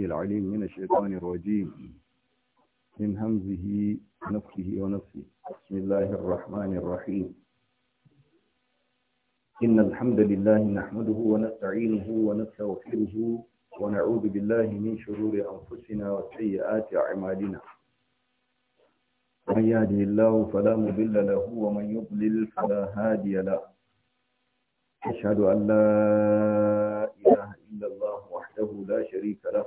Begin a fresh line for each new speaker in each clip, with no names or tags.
السميع العليم من الشيطان الرجيم من همزه نفسه ونفسه بسم الله الرحمن الرحيم إن الحمد لله نحمده ونستعينه ونستغفره ونعوذ بالله من شرور أنفسنا وسيئات أعمالنا من يهده الله فلا مضل له ومن يضلل فلا هادي له أشهد أن لا إله إلا الله وحده لا شريك له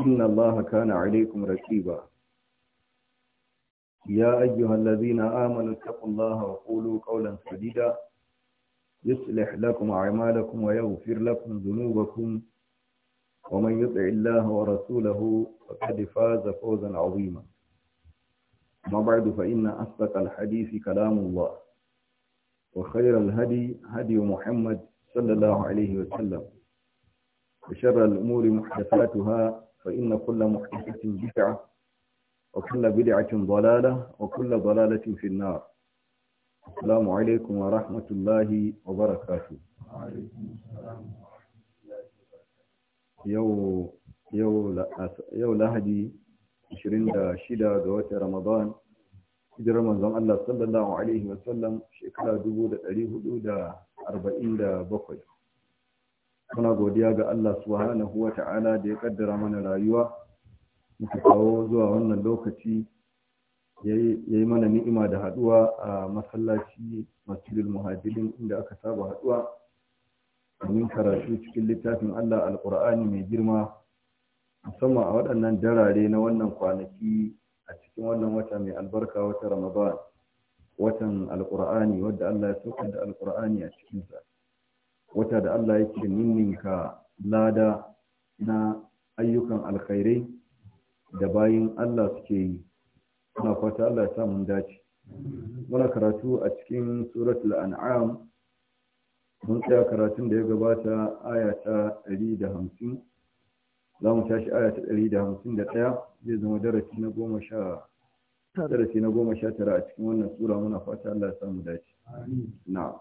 إن الله كان عليكم رقيبا يا أيها الذين آمنوا اتقوا الله وقولوا قولا سديدا يصلح لكم أعمالكم ويغفر لكم ذنوبكم ومن يطع الله ورسوله فقد فاز فوزا عظيما ما بعد فإن أصدق الحديث كلام الله وخير الهدي هدي محمد صلى الله عليه وسلم وشر الأمور محدثاتها فإن كل محدثة بدعة وكل بدعة ضلالة وكل ضلالة في النار السلام عليكم ورحمة الله وبركاته يو يو يو لهدي 26 ga watan Ramadan hijirar manzon Allah sallallahu alaihi wasallam shekara 1447 muna godiya ga Allah subhanahu wa ta'ala da ya kaddara mana rayuwa muka kawo zuwa wannan lokaci ya yi mana ni'ima da haduwa a masallaci masjidul muhajirin inda aka saba haduwa domin karatu cikin littafin Allah alkur'ani mai girma musamman a waɗannan darare na wannan kwanaki a cikin wannan wata mai albarka wata ramadan watan alkur'ani wadda Allah ya sauka da alkur'ani a cikin sa wata da Allah yake ninninka lada na ayyukan alkhairai da bayin Allah suke yi muna fata Allah ya mun dace muna karatu a cikin suratul an'am mun tsaya karatun da ya gabata aya ta 150 za mu tashi aya ta 151 zai zama darasi na goma sha darasi na goma sha tara a cikin wannan sura muna fata Allah ya mu dace na'am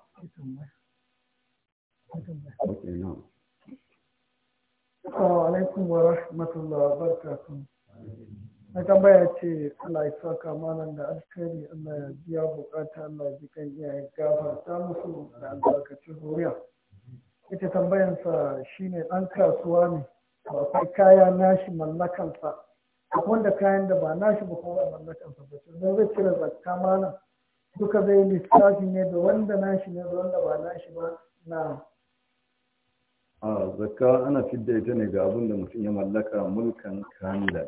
Assalamu alaikum wa rahmatullahi wa Na tambaya ce Allah ya saka malam da alkhairi Allah ya biya bukata Allah ya kan iyaye gafarta musu da albarkacin Ita tambayansa shine ɗan kasuwa ne to akwai kaya nashi mallakansa wanda kayan da ba nashi ba kuma mallakansa ba don zai cire zakka malam duka zai lissafi ne da wanda nashi ne da wanda ba nashi ba na
a zakka ana fidda ita ne ga abin da mutum ya mallaka mulkan kamila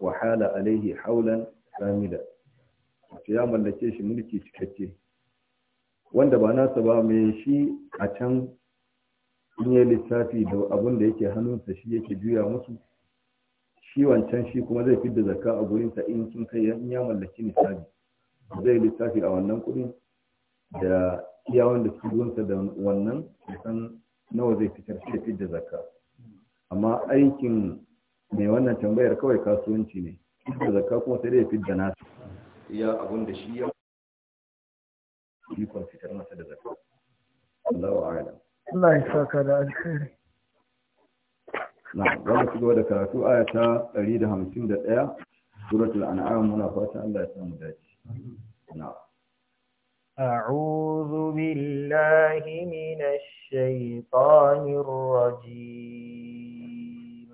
wa hala alaihi haulan kamila wato ya mallake shi mulki cikakke wanda ba nasa ba mai shi a can in yi lissafi da abin da yake hannunsa shi yake juya musu shi wancan shi kuma zai fidda zakka a gurinsa in sun kai in ya mallaki nisabi zai lissafi a wannan kuɗin da iya wanda su gunsa da wannan san nawa zai fitar sai fitar da zakka amma aikin mai wannan tambayar kawai kasuwanci ne fitar da zakka kuma sai dai fitar da nasu iya abun da shi ya ikon fitar masa da zakka Allahu ala
Allah ya saka da alkhairi
na wani shigo da karatu aya ta 151 suratul an'am muna fata Allah ya samu dace na'am
أعوذ بالله من الشيطان الرجيم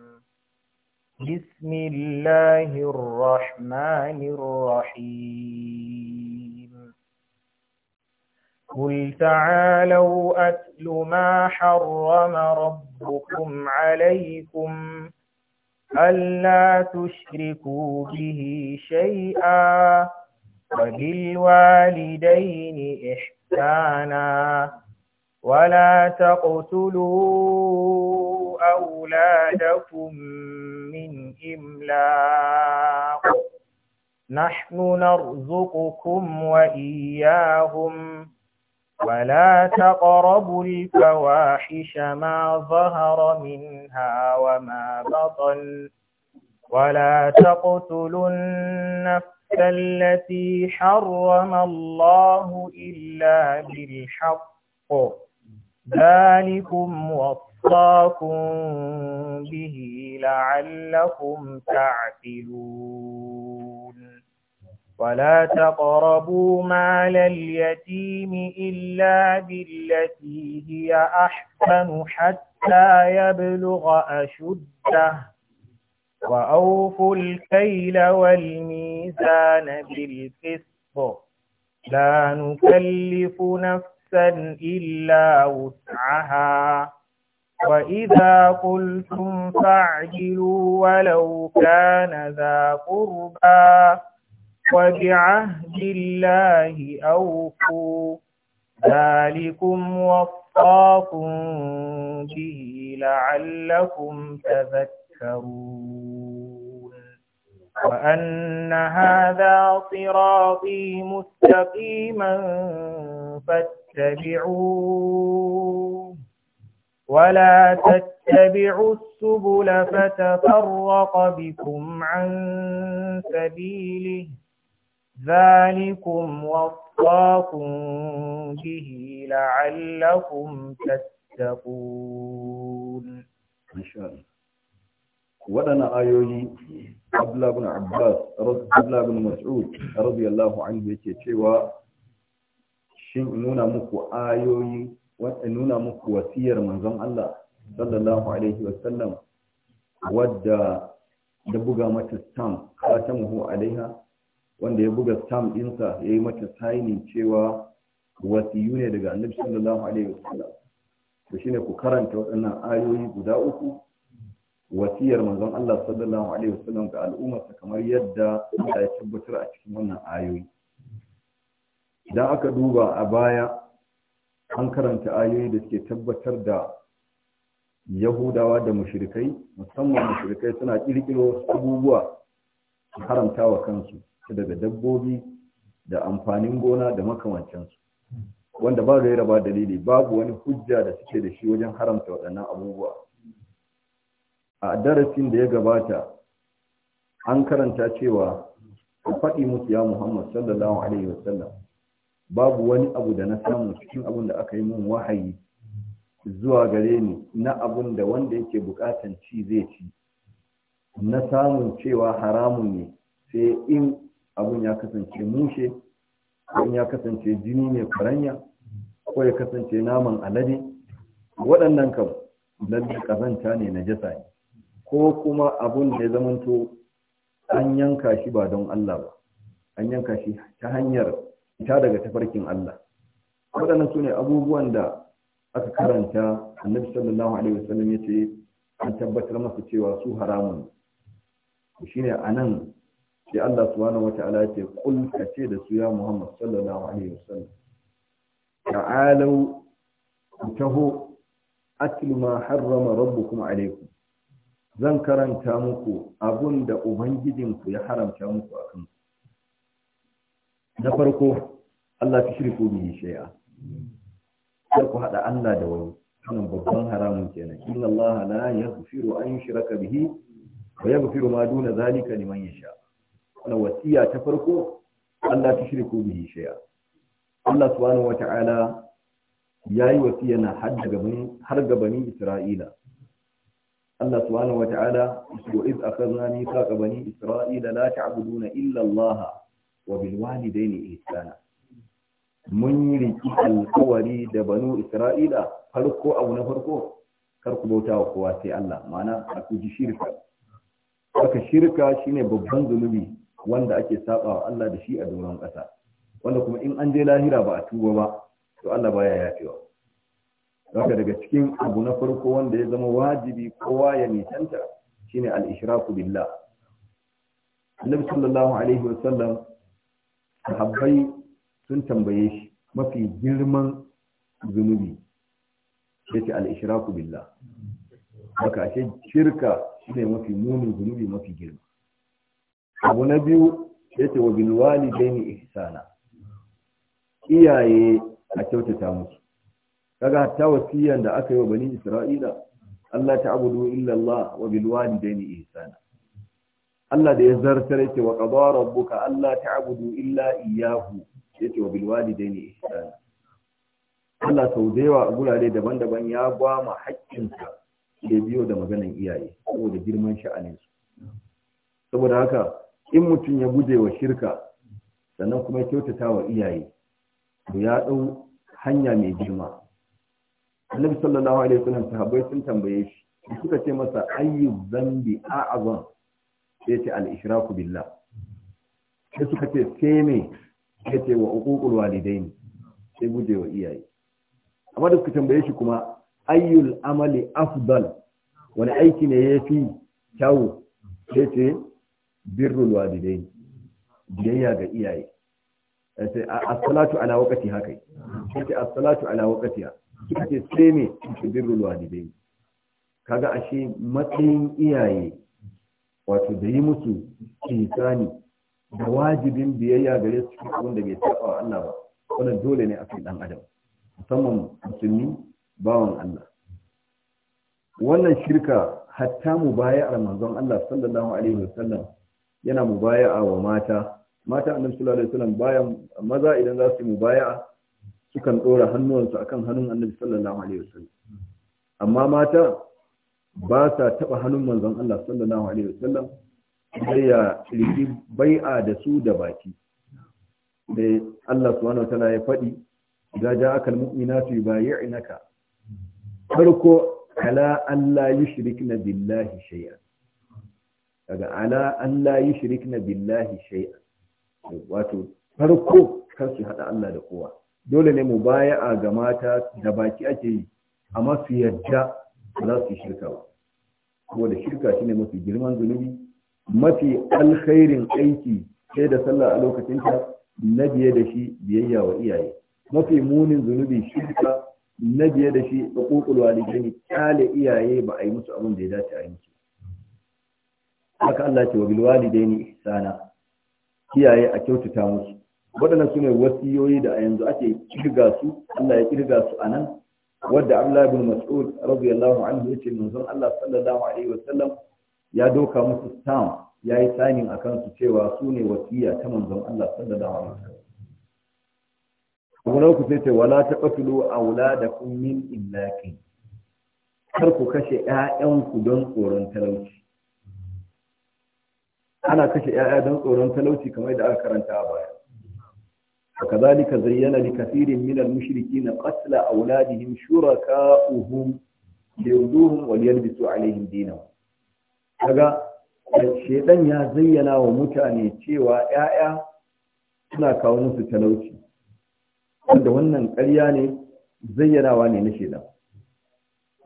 بسم الله الرحمن الرحيم قل تعالوا أتل ما حرم ربكم عليكم ألا تشركوا به شيئا وبالوالدين إحسانا ولا تقتلوا أولادكم من إملاق نحن نرزقكم وإياهم ولا تقربوا الفواحش ما ظهر منها وما بطن ولا تقتلوا النفس التي حرم الله إلا بالحق ذلكم وصاكم به لعلكم تعقلون ولا تقربوا مال اليتيم إلا بالتي هي أحسن حتى يبلغ أشده وأوفوا الكيل والميزان الميزان بالقسط لا نكلف نفسا إلا وسعها وإذا قلتم فاعجلوا ولو كان ذا قربى وبعهد الله أوفوا ذلكم وصاكم به لعلكم تذكرون وأن هذا صراطي مستقيما فاتبعوه ولا تتبعوا السبل فتفرق بكم عن سبيله ذلكم وصاكم به لعلكم
تتقون.
ما شاء الله. ودنا آيوني Abdullah bin Abbas Abdullah bin Mas'ud radiyallahu anhu yake cewa shin nuna muku ayoyi wanda nuna muku wasiyar manzon Allah sallallahu alaihi wa sallam. wadda da buga mata stamp khatamuhu alaiha wanda ya buga stamp dinsa yayi mata signing cewa wasiyu ne daga Annabi sallallahu alaihi wa sallam. to shine ku karanta waɗannan ayoyi guda uku wasiyar manzon Allah sallallahu alaihi wasallam ga al'ummarsa kamar yadda Allah tabbatar a cikin wannan ayoyi idan aka duba a baya an karanta ayoyi da suke tabbatar da yahudawa da mushrikai musamman mushrikai suna kirkiro abubuwa su haramta kansu daga dabbobi da amfanin gona da makamancinsu wanda ba gaira ba dalili babu wani hujja da suke da shi wajen haramta waɗannan abubuwa a darasin da ya gabata an karanta cewa ka faɗi musu ya Muhammad sallallahu alaihi wasallam babu wani abu da na samu cikin abin da aka yi min wahayi zuwa gare ni na abun da wanda yake bukatan ci zai ci na samun cewa haramun ne sai in abun ya kasance mushe ko ya kasance jini ne faranya ko ya kasance naman alade waɗannan kam lalle kazanta ne na jasa ne ko kuma abun da ya zamanto an yanka shi ba don Allah ba an yanka shi ta hanyar ita daga tafarkin Allah waɗannan su ne abubuwan da aka karanta annabi sallallahu alaihi wasallam ya ce an tabbatar masa cewa su haramun shine anan sai Allah subhanahu wata'ala ya ce kul ka ce da su ya Muhammad sallallahu alaihi wasallam ta'alu taho atlu ma harrama rabbukum alaikum zan karanta muku abun da ubangijinku ya haramta muku a kansu na farko Allah ta shirku bihi shay'a sai ku haɗa Allah da wani wannan babban haramun kenan inna Allah la yaghfiru an yushraka bihi wa firo ma duna zalika liman sha. wannan wasiya ta farko Allah ta shirku bihi shay'a Allah subhanahu wata'ala yayi wasiya na har gabanin har gabanin Isra'ila Allah subhanahu wa ta'ala wa iz akhadna mithaqa bani isra'ila la ta'buduna illa Allah wa bil walidayni ihsana mun yi riki alkawari da banu isra'ila farko abu na farko kar ku bauta wa kowa sai Allah ma'ana a ku ji shirka Aka shirka shine babban zunubi wanda ake saba wa Allah da shi a doron ƙasa wanda kuma in an je lahira ba a tuba ba to Allah baya yafewa haka daga cikin abu na farko wanda ya zama wajibi kowa ya nisanta shine al-ishraku billah Annabi sallallahu alaihi wa wasallam sahabbai sun tambaye shi mafi girman zunubi yace al-ishraku billah haka ashe shirka shine mafi munin zunubi mafi girma abu na biyu yace wa bil walidaini ihsana iyaye a kyautata musu kaga hatta wasiyan da aka yi wa bani isra'ila Allah ta'budu illa Allah wa bil walidaini ihsana Allah da ya zartar yake wa qada rabbuka Allah abudu illa iyyahu yake wa bil walidaini ihsana Allah sau da yawa gurare daban-daban ya gwama haƙƙinsa da biyo da maganan iyaye saboda girman sha'anin su saboda haka in mutum ya guje wa shirka sannan kuma ya kyautata wa iyaye to ya ɗau hanya mai girma annabi sallallahu alaihi wasallam sahabbai sun tambaye shi suka ce masa ayyu zambi a'azam sai ce al-ishraku billah sai suka ce sai me sai ce wa uququl walidain sai guje wa iyaye amma da suka tambaye shi kuma ayyul amali afdal wani aiki ne yafi kyawu. sai ce birrul walidain biyayya ga iyaye sai as-salatu ala waqti kai. sai as-salatu ala waqtiha suka ce sai su birrul walidai kaga ashe matsayin iyaye wato da yi musu kisani da wajibin biyayya gare su cikin wanda da bai saba wa Allah ba kuma dole ne a kan dan adam musamman musulmi bawan Allah wannan shirka hatta mubaya'ar manzon Allah sallallahu alaihi wasallam yana mubaya'a wa mata mata annabi sallallahu alaihi wasallam bayan maza idan za su mubaya'a sukan ɗora hannuwansu akan hannun annabi sallallahu alaihi wasallam amma mata ba sa taɓa hannun manzon Allah sallallahu alaihi wasallam sai ya riki bai'a da su da baki da Allah subhanahu wataala ya faɗi idza ja'aka almu'minatu yubayyi'naka farko ala an la yushrikna billahi shay'an daga ala an la yushrikna billahi shay'an wato farko kar su hada Allah da kowa dole ne mu baya a ga mata da baki ake yi a mafi yadda ba za su yi shirka ba da shirka shine mafi girman zunubi mafi alkhairin aiki sai da sallah a lokacin ta na biye da shi biyayya wa iyaye mafi munin zunubi shirka na biye da shi da hukukul walidaini kale iyaye ba a yi musu abin da ya dace a yanki haka Allah ce wa bil walidaini ihsana iyaye a kyautata musu waɗannan su ne wasiyoyi da a yanzu ake kirga su Allah ya kirga su a nan wadda Abdullahi bin Mas'ud radiyallahu anhu yace manzon Allah sallallahu alaihi wa sallam ya doka musu stamp ya yi signing akan su cewa su ne wasiya ta manzon Allah sallallahu alaihi wa kuma na ku sai ce wala taqtulu auladakum min illaki kar ku kashe ƴaƴanku don tsoron talauci ana kashe ƴaƴa don tsoron talauci kamar da aka karanta a baya وكذلك زين لكثير من المشركين قتل أولادهم شركاؤهم ليردوهم وليلبسوا عليهم دينهم kaga الشيطان يا زينا ومتاني تيوا يا يا suna kawo musu talauci wanda wannan ƙarya ne zayyanawa ne na shaidan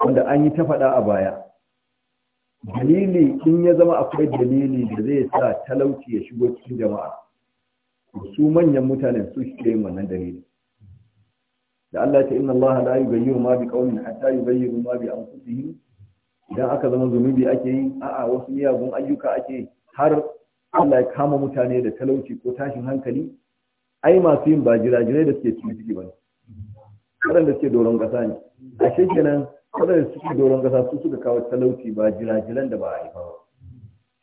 wanda an yi ta faɗa a baya dalili in ya zama akwai dalili da zai sa talauci ya shigo cikin jama'a su manyan mutanen su suke yin wannan dare. da Allah ta inna Allah la yughayyiru ma biqaumin hatta yughayyiru ma bi anfusihim idan aka zama zunubi ake yi a'a wasu miyagun ayyuka ake har Allah ya kama mutane da talauci ko tashin hankali ai masu yin ba jirajirai da suke cikin ciki ba ne waɗanda suke doron ƙasa ne a shekenan waɗanda suke doron ƙasa su suka kawo talauci ba jirajiran da ba a haifa ba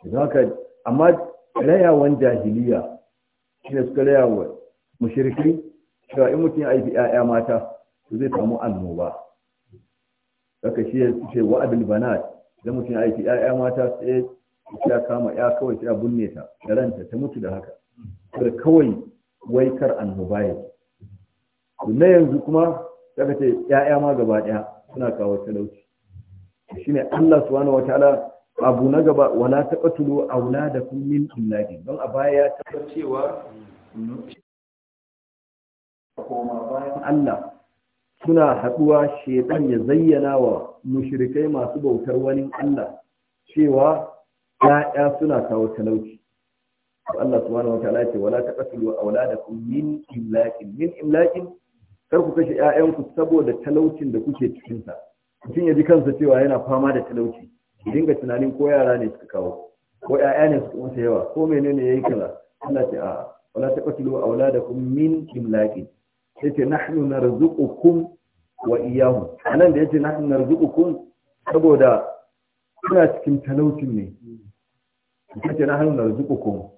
idan haka amma rayawan jahiliya shi su suka raya wa mushrikai cewa in mutum ya aiki ‘ya'ya mata to zai samu annoba haka shi ya ce wa abin banat da mutum ya aiki ‘ya'ya mata sai ya kama ya kawai ya binne ta da ranta ta mutu da haka da kawai waikar annoba ya na yanzu kuma saka ce ‘ya'ya ma gaba ɗaya suna kawo talauci shine Allah subhanahu wa ta'ala abu na gaba wala taqtulu da min illahi don a baya ta cewa koma bayan Allah suna haɗuwa shaitan ya zayyana wa mushrikai masu bautar wani Allah cewa ya'ya suna kawo talauci Allah subhanahu wa ta'ala ce wala taqtulu awladakum min imlakin min imlakin kar ku kashe ƴaƴanku saboda talaucin da kuke cikin sa mutum ya ji kansa cewa yana fama da talauci dinga tunanin ko yara ne suka kawo ko ƴaƴa ne suka wuce yawa ko menene yayi kaza Allah ce a wala taqtulu auladakum min imlaqi sai ce nahnu narzuqukum wa iyyahum anan da yace nahnu narzuqukum saboda kuna cikin talaucin ne yace nahnu narzuqukum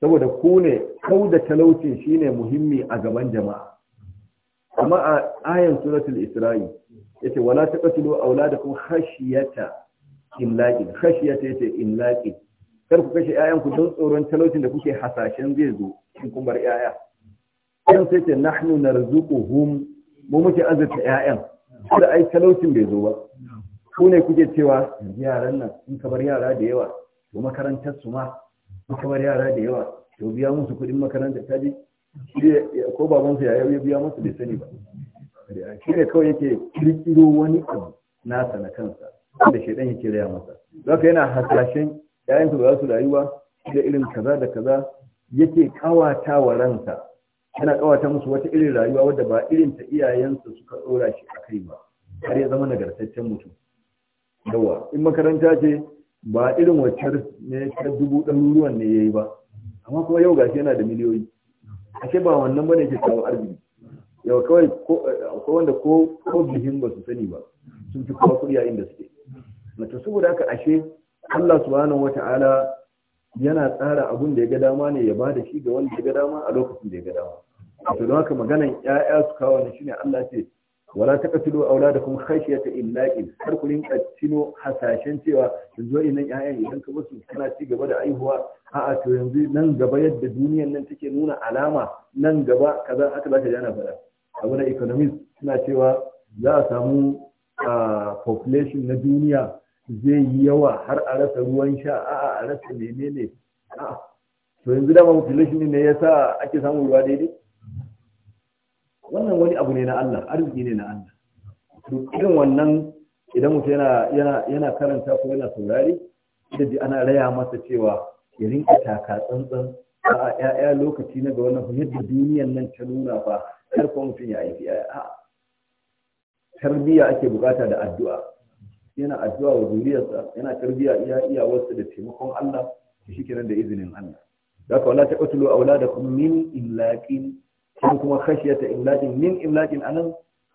saboda ku ne kau da talaucin shine muhimmi a gaban jama'a amma a ayan suratul isra'i yace wala taqtulu auladakum khashyata imlaqi kashi ta yace imlaqi kar ku kashe ƴaƴan ku don tsoron talaucin da kuke hasashen zai zo in kun bar ƴaƴa kan sai ce nahnu narzuquhum mu muke azurta ƴaƴan da ai talaucin bai zo ba ku ne kuke cewa yaran nan in ka bar yara da yawa to makarantar su ma in ka bar yara da yawa to biya musu kuɗin makarantar ta ji ko babansa ya ya biya musu bai sani ba shi ne kawai yake kirkiro wani abu nasa na kansa da shaidan yake raya masa zaka yana hasashen 'ya'yansa ba za su rayuwa da irin kaza da kaza yake kawata wa ransa yana kawata musu wata irin rayuwa wadda ba irin ta iyayensa suka dora shi a kai ba har ya zama nagartaccen mutum yawa in makaranta ce ba irin wacce ne ta dubu ɗaruruwan ne ya yi ba amma kuma yau gashi yana da miliyoyi ashe ba wannan bane ke kawo arziki yau kawai ko wanda ko bihin ba su sani ba sun fi kawo kuɗi a inda suke mace saboda haka ashe Allah subhanahu wata'ala yana tsara abun da ya ga dama ne ya ba da shi ga wanda ya ga dama a lokacin da ya ga dama wato don haka maganan ƴaƴa su kawo ne shine Allah ce wala taqtulu auladakum khashyata illaqin har ku rinka tino hasashen cewa yanzu idan ƴaƴan idan ka basu kana ci gaba da aihuwa a'a to yanzu nan gaba yadda duniyar nan take nuna alama nan gaba kaza haka zaka ji ana faɗa abu na economist suna cewa za a samu population na duniya zai yi yawa har a rasa ruwan sha a a rasa ne? a to yanzu dama population ne ya sa ake samun ruwa daidai wannan wani abu ne na Allah arziki ne na Allah to irin wannan idan mutum yana yana karanta ko yana saurari da ji ana raya masa cewa ya rinka taka tsantsan a 'ya'ya lokaci na ga wannan yadda duniyan nan ta nuna ba kar ko mutum ya aiki 'ya'ya tarbiya ake bukata da addu'a yana addu'a wa zuriyarsa yana tarbiya iya iya wasu da taimakon Allah shi kenan da izinin Allah da ka wala ta qatlu auladakum min imlaqin kuma kuma khashiyata imlaqin min imlaqin anan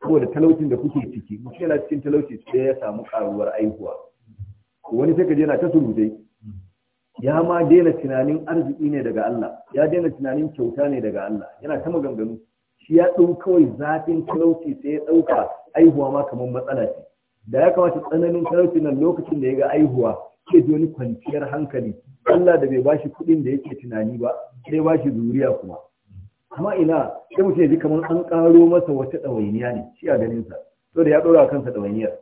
da talaucin da kuke ciki mutum yana cikin talauci sai ya samu karuwar aihuwa wani sai ka je yana ta surutai ya ma daina tunanin arziki ne daga Allah ya daina tunanin kyauta ne daga Allah yana ta maganganu shi ya ɗau kawai zafin talauci sai ya ɗauka aihuwa ma kamar matsala ce da ya kamata tsananin talauci nan lokacin da ya ga aihuwa ke ji wani kwanciyar hankali Allah da bai bashi kuɗin da yake tunani ba sai bashi zuriya kuma amma ina sai mutum ya ji kamar an ƙaro masa wata ɗawainiya ne shi a ganinsa to da ya ɗora kansa ɗawainiyar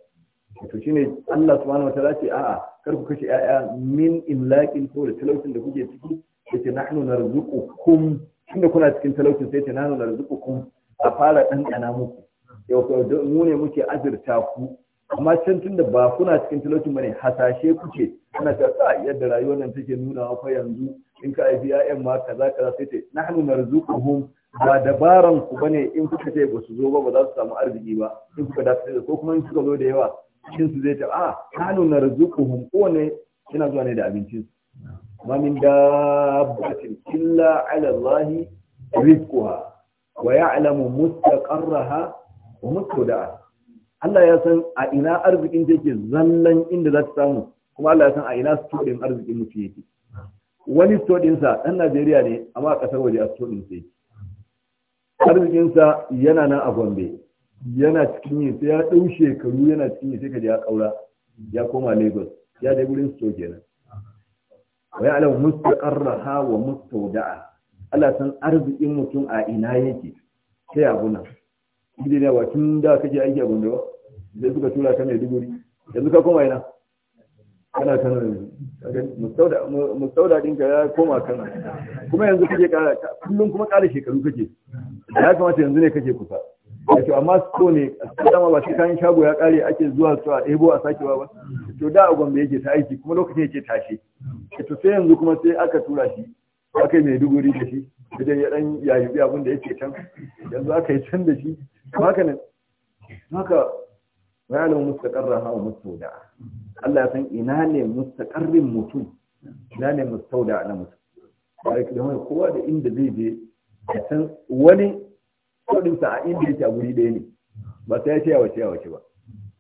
to shine Allah subhanahu wataala ce a'a kar ku kashe ƴaƴa min imlaqin ko da talaucin da kuke ciki yace nahnu narzuqukum tunda kuna cikin talaucin sai ta nanu da rizukukun a fara ɗanɗana muku yau mu ne muke azurta ku amma can tunda ba kuna cikin talaucin bane hasashe kuke ana ta sa yadda rayuwar nan take nuna fa yanzu in ka haifi ƴaƴan ma kaza kaza sai ta nahnu narzuquhum ba dabaran ku bane in kuka ce ba su zo ba ba za su samu arziki ba in kuka dace da ko kuma in kuka zo da yawa cikin su zai ta a ah, nahnu narzuquhum kowane yana zuwa ne da abincin su. ma min dabbatin illa ala Allah rizquha wa ya'lamu Allah ya san a ina arzikin take zallan inda za ta samu kuma Allah ya san a ina stodin arzikin mutu yake wani stodin sa dan Najeriya ne amma a kasar waje a stodin sa yake arzikin yana nan a Gombe yana cikin yi sai ya dau shekaru yana cikin sai ka je ya kaura ya koma Lagos ya dai gurin sto kenan wa ya'lamu mustaqarraha wa mustawda'a Ala san arzikin mutum a ina yake sai abuna idan da tun da kake aiki a gonda Zai suka tura ka mai duguri yanzu ka koma ina kana kana mustauda mustauda dinka ya koma kana kuma yanzu kake kullum kuma ƙara shekaru kake ya kamata yanzu ne kake kusa wato amma so ne sama ba shi kayan shago ya kare ake zuwa su a ebo a sakewa ba to da a gombe yake ta aiki kuma lokacin yake tashe to sai yanzu kuma sai aka tura shi aka yi mai duguri da shi idan ya dan yayi abin da yake can yanzu aka yi can da shi haka nan haka ranar mustaqarra hawa mustauda Allah ya san ina ne mustaqarrin mutum ina ne mustauda na mutum kowa da inda zai je san wani kodinsa a inda yake a guri ɗaya ne ba sai ya ce ya wace ba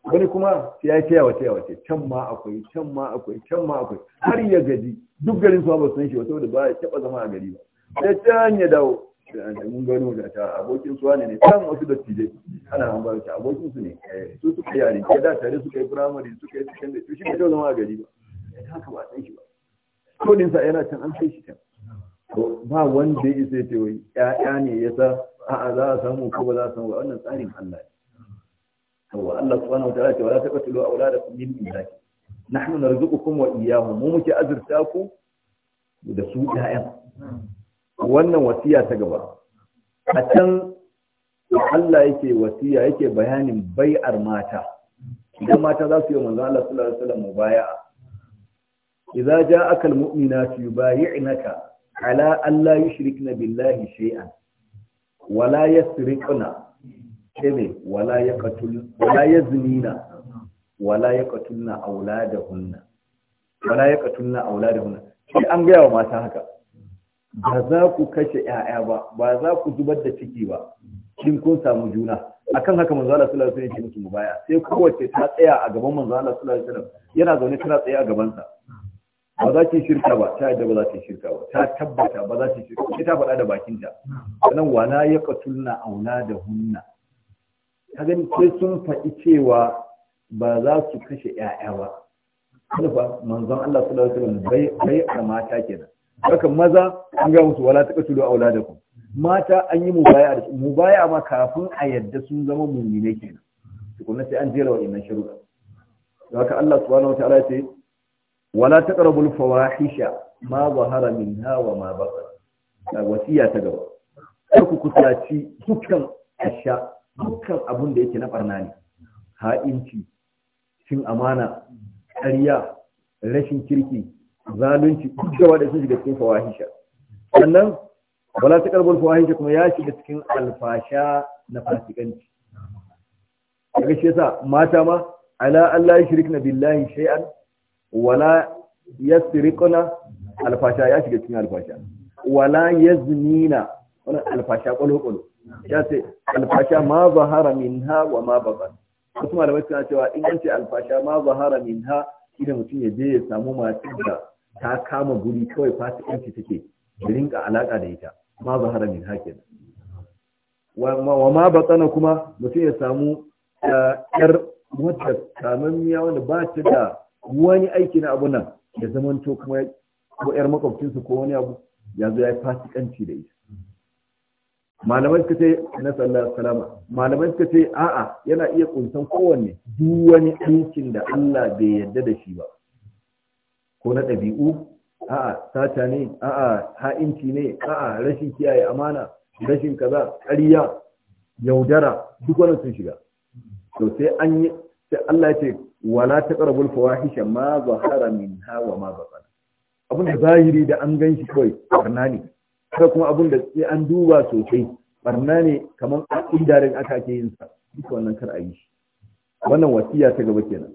wani kuma sai ya ce ya wace. can ma akwai can ma akwai can ma akwai har ya gaji duk garin su ba san shi ba da ba ya taɓa zama a gari ba sai can ya dawo mun gano da ta abokin su ne ne kan wasu dattijai ana ambara ta abokin su ne eh, su suka yi ke da tare suka yi firamare suka yi secondary to shi ba zama a gari ba haka ba san shi ba kodinsa yana can an kai shi can ba wanda ya isa ce wai ƴaƴa ne yasa a'a za a samu ko ba za a samu wannan tsarin Allah ne to Allah subhanahu wataala ce wala taqtulu awladakum min imlaq nahnu narzuqukum wa iyyahum mu muke azurta ku da su ƴaƴan wannan wasiya ta gaba a can Allah yake wasiya yake bayanin bai'ar mata idan mata za su yi manzo Allah sallallahu alaihi wasallam mubaya'a idza ja'aka almu'minatu yubayi'naka ala an la yushrikna billahi shay'an wala yasriqna ne wala zunina wala hunna wala katunna a wula da hunna shi an gaya wa mata haka ba za ku kashe 'ya'ya ba ba za ku zubar da ciki ba kin kun samu juna akan haka manzo Allah sallallahu alaihi wasallam ya ce musu baya sai kowace ta tsaya a gaban manzo Allah sallallahu alaihi wasallam yana zaune tana tsaye a gaban sa ba za ki shirka ba ta yadda ba za ki shirka ba ta tabbata ba za ki shirka ba ta faɗa da bakinta sannan wana ya katulna auna da hunna ta gani sai sun faɗi cewa ba za su kashe 'ya'ya ba kada fa manzon Allah sallallahu alaihi wasallam bai bai a mata kenan haka maza an ga musu wala taqtulu auladakum mata an yi mubaya da mubaya ma kafin a yadda sun zama mu'mine kenan tukunna sai an jera wa inna sharuɗa haka Allah subhanahu wa ta'ala ya ce wala taqrabul fawahisha ma zahara minha hawa ma baqa wasiya ta gaba kar ku kusaci dukkan asha dukkan abun da yake na barna ne ha'inci cin amana ƙarya rashin kirki zalunci duk gaba da sun shiga cikin fawahisha sannan wala ta karbul fawahisha kuma ya shiga cikin alfasha na fasikanci daga shi yasa mata ma ala Allah na billahi shay'an wala yasriqna alfasha ya shiga cikin alfasha wala ya zunina wani alfasha kwalo-kwalo ya ce alfasha ma zahara ha wa ma baban wasu malamai suna cewa in ce alfasha ma zahara ha idan mutum ya je ya samu masu da ta kama guri kawai fasikanci take rinka alaka da ita ma zahara ha kenan wa ma batsana kuma mutum ya samu yar eh, wata samammiya wanda ba ta da wani aiki na abu nan ya to kamar ko yar su ko wani abu ya zo ya yi fasikanci da ita malamai suka ce na sallar salama malamai suka ce a'a yana iya kunsan kowanne duk wani aikin da Allah bai yarda da shi ba ko na ɗabi'u a'a sata ne a'a ha'inci ne a'a rashin kiyaye amana rashin kaza ƙarya yaudara duk wannan sun shiga to sai an yi sai Allah ya ce wala ta taqrabul fawahisha ma zahara minha hawa ma batana abun da zahiri da an gan shi kawai barna ne kada kuma abun da sai an duba sosai barna ne kamar indarin aka ake yin sa duka wannan kar a yi shi wannan wasiya ta gaba kenan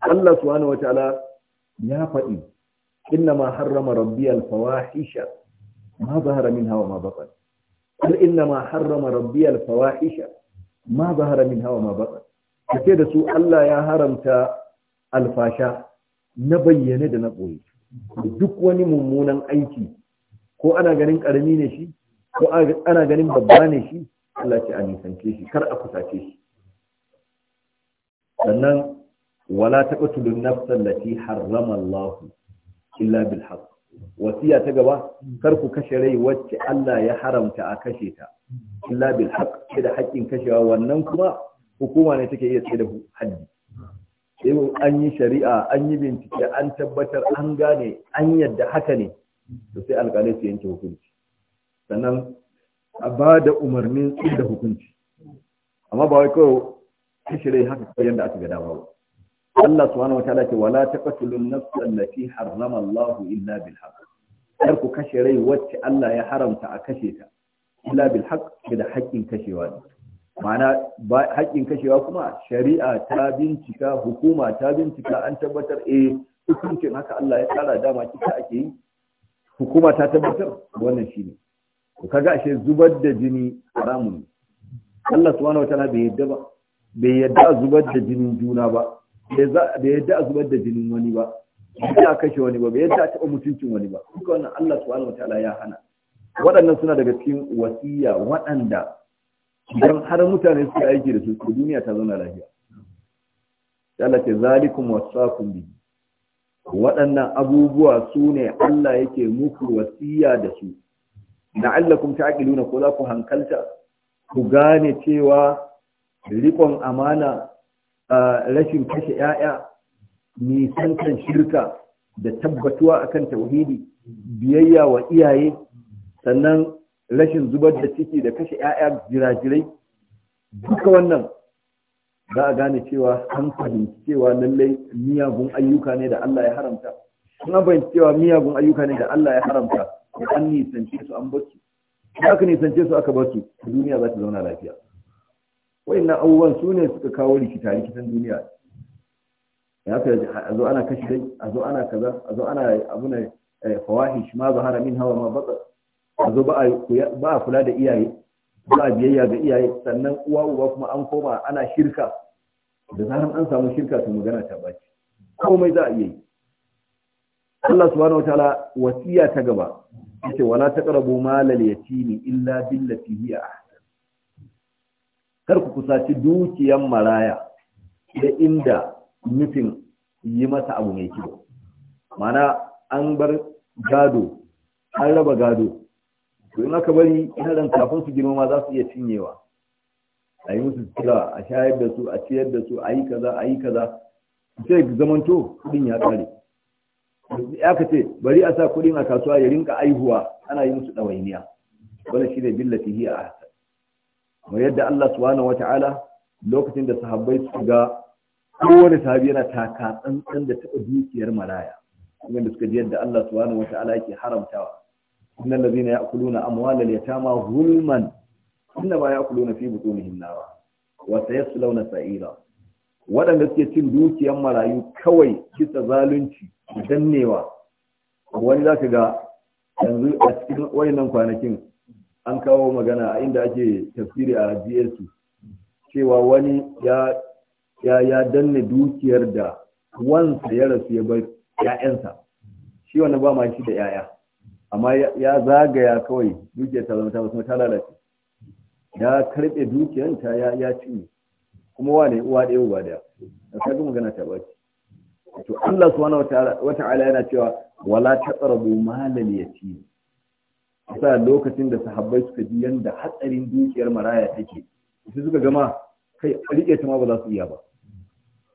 Allah subhanahu wataala ya faɗi inna ma harrama rabbi al-fawahisha ma zahara minha hawa ma batana قل إنما Al-fawahisha ma ما ظهر hawa ma بطن ka ce da su Allah ya haramta alfasha na bayyane da na ɓoye duk wani mummunan aiki ko ana ganin ƙarami ne shi ko ana ganin babba ne shi Allah ce a nisance shi kar a kusace shi sannan wala taqtulun nafsan lati harrama Allah illa bil haqq wasiya ta gaba kar ku kashe rai wacce Allah ya haramta a kashe ta illa bil haqq da haƙƙin kashewa wannan kuma hukuma ne take iya tsaye da haddi sai an yi shari'a an yi bincike an tabbatar an gane an yadda haka ne to sai alƙalai su yanke hukunci sannan a ba da umarnin tsaye da hukunci amma ba wai kawai kashirai haka kawai yadda aka ga dama ba Allah subhanahu wa ta'ala ce wala taqtulun nafsa allati harrama Allah illa bil haqq kar ku kashe rai wacce Allah ya haramta a kashe ta illa bil haqq da haƙƙin kashewa ne ma'ana haƙƙin kashewa kuma shari'a ta bincika hukuma ta bincika an tabbatar eh hukuncin haka Allah ya tsara dama kika ake yi hukuma ta tabbatar wannan shine to kaga ashe zubar da jini haramun Allah subhanahu wataala bai yadda ba bai yadda a zubar da jinin juna ba bai yadda a zubar da jinin wani ba bai yadda kashe wani ba bai yadda a taɓa mutuncin wani ba duka wannan Allah subhanahu wataala ya hana waɗannan suna daga cikin wasiya waɗanda idan har mutane suka aiki da su duniya ta zauna lafiya Allah ce zalikum wasaqum bi waɗannan abubuwa su ne Allah yake muku wasiya da su la'allakum ta'qiluna ko za ku hankalta ku gane cewa riƙon amana rashin kashe 'ya'ya nisantan shirka da tabbatuwa akan tauhidi biyayya wa iyaye sannan rashin zubar da ciki da kashe 'ya'ya jirajirai duka wannan za a gane cewa an fahimci cewa lallai miyagun ayyuka ne da Allah ya haramta kuma an fahimci cewa miyagun ayyuka ne da Allah ya haramta an nisance su an bacci da aka nisance su aka bacci duniya za ta zauna lafiya wayannan abubuwan su ne suka kawo rikita rikitan duniya ya ka a zo ana kashe a zo ana kaza a zo ana abuna eh, fawahish ma zahara min hawa ma batsar a zo ba a kula da iyaye ba a biyayya ga iyaye sannan uwa uwa kuma an koma ana shirka da zaran an samu shirka su magana ta baki komai za a iya yi Allah subhanahu ta'ala wasiya ta gaba yace wala taqrabu malal yatimi illa billati hiya ahsan kar ku kusaci dukiyan maraya da inda nufin yi masa abu mai kyau mana an bar gado an raba gado to in aka bari yaran kafin su girma za su iya cinyewa a yi musu kira a shayar da su a ciyar da su a yi kaza a yi kaza sai to kudin ya kare ya ka ce bari a sa kudin a kasuwa ya rinka aihuwa ana yi musu ɗawainiya wani shi ne billati hiya a hasa kamar yadda Allah subhanahu ta'ala lokacin da sahabbai su ga kowane sahabi yana taka tsantsan da taɓa dukiyar maraya kuma suka ji yadda Allah subhanahu ta'ala yake haramtawa إن الذين يأكلون أموال اليتامى ظلما إنما يأكلون في بطونهم نارا وسيصلون سعيرا waɗanda suke cin dukiyar marayu kawai kisa zalunci dannewa wani za ka ga yanzu a cikin wayannan kwanakin an kawo magana a inda ake tafsiri a GSU cewa wani ya danne dukiyar da wansa ya rasu ya bar 'ya'yansa. shi wani ba ma shi da 'ya'ya. amma ya zagaya kawai dukiyar ta zama ta wasu ta lalace ya karɓe dukiyar ta ya ci kuma wane uwa ɗaya uba ɗaya da kaga magana ta baci to Allah subhanahu wata'ala yana cewa wala taqrabu malal yatim sa lokacin da sahabbai suka ji yanda hatsarin dukiyar maraya take su suka gama kai rike ta ma ba za su iya ba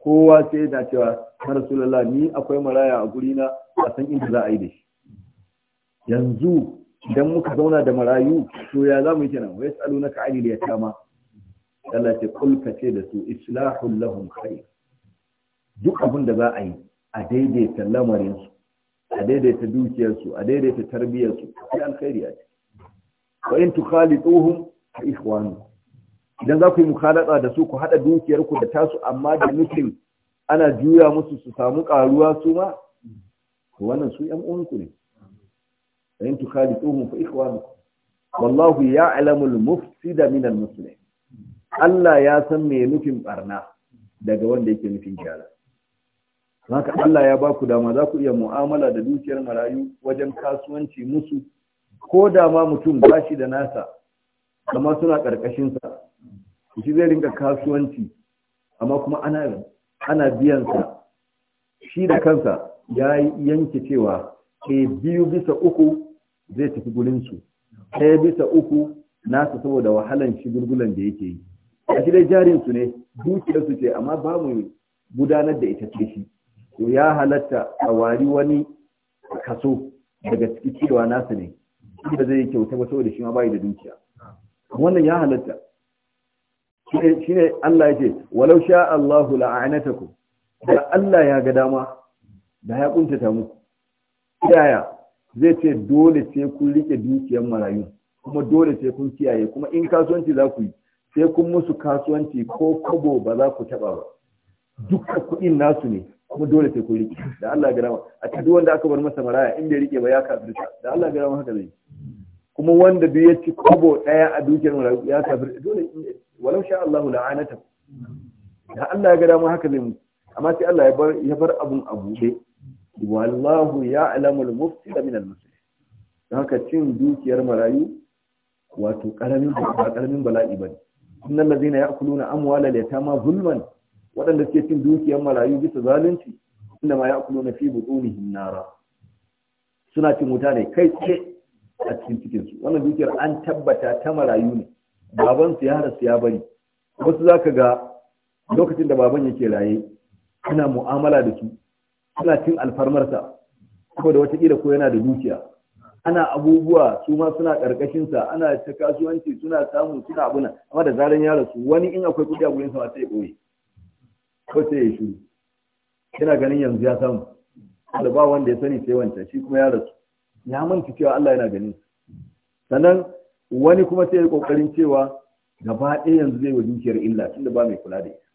kowa sai yana cewa ya rasulullah ni akwai maraya a gurina a san inda za a yi da shi yanzu idan muka zauna da marayu to ya za mu yi kenan wai tsalo na ka'ani da ya kama Allah ce kulka ce da su islahul lahum khair duk abin da za a yi a daidaita lamarinsu a daidaita dukiyarsu a daidaita tarbiyarsu sai alkhairi a ce wa in tukhalituhum fa ikhwanu idan za ku yi mukhalata da su ku hada dukiyarku da tasu amma da nufin ana juya musu su samu karuwa su ma wannan su yan uwanku ne wa in tukhaliquhum fa ikhwanukum wallahu ya'lamul mufsida Allah ya san me nufin barna daga wanda yake nufin gyara haka Allah ya ba ku dama za ku iya mu'amala da dukiyar marayu wajen kasuwanci musu ko da ma mutum ba shi da nasa amma suna ƙarƙashinsa shi zai rinka kasuwanci amma kuma ana ana sa shi da kansa ya yanke cewa ke eh, biyu bisa uku zai tafi gurinsu ɗaya bisa uku nasa saboda wahalan shi gurgulan da yake yi a shi dai su ne dukiyarsu ce amma ba mu gudanar da ita ce shi to ya halatta a wari wani kaso daga ciki cewa nasa ne inda zai yi kyauta ba saboda shi ma bayi da dukiya wannan ya halatta shi ne Allah ya ce walau sha Allahu la'anatakum da Allah ya ga dama da ya kuntata muku kiyaya zai ce dole sai kun rike dukiyar marayu kuma dole sai kun kiyaye kuma in kasuwanci za ku yi sai kun musu kasuwanci ko kobo ba za ku taba ba dukkan kuɗin nasu ne kuma dole sai kun rike da Allah ga rama a ta wanda aka bar masa maraya in bai rike ba ya kafirta da Allah ga rama haka zai kuma wanda bai yaci kobo daya a dukiyar marayu ya kafirta dole walau sha Allahu la'anata da Allah ya ga dama haka zai mu amma sai Allah ya bar abun a buɗe wallahu ya'lamu al-mufsida min al-muslih haka cin dukiyar marayu wato karamin ba karamin bala'i bane innal ladzina ya'kuluna amwala al-yatama zulman Waɗanda suke cin dukiyar marayu bisa zalunci inda ma ya'kuluna fi butunihim nara suna cin wuta ne kai ce a cikin cikin wannan dukiyar an tabbata ta marayu ne baban su ya rasu ya bari wasu zaka ga lokacin da baban yake raye suna mu'amala da su Ana cin alfarmarsa saboda watakila ko yana da dukiya ana abubuwa su ma suna karkashinsa ana ta kasuwanci suna samu suna abuna amma da zaran ya rasu wani in akwai kuɗi a gurin sa sai ya ɓoye ko sai ya shi yana ganin yanzu ya samu da ba wanda ya sani sai wancan shi kuma ya rasu ya manta cewa Allah yana ganin sannan wani kuma sai ya kokarin cewa gaba ɗaya yanzu zai wa dukiyar illa tunda ba mai kula da ita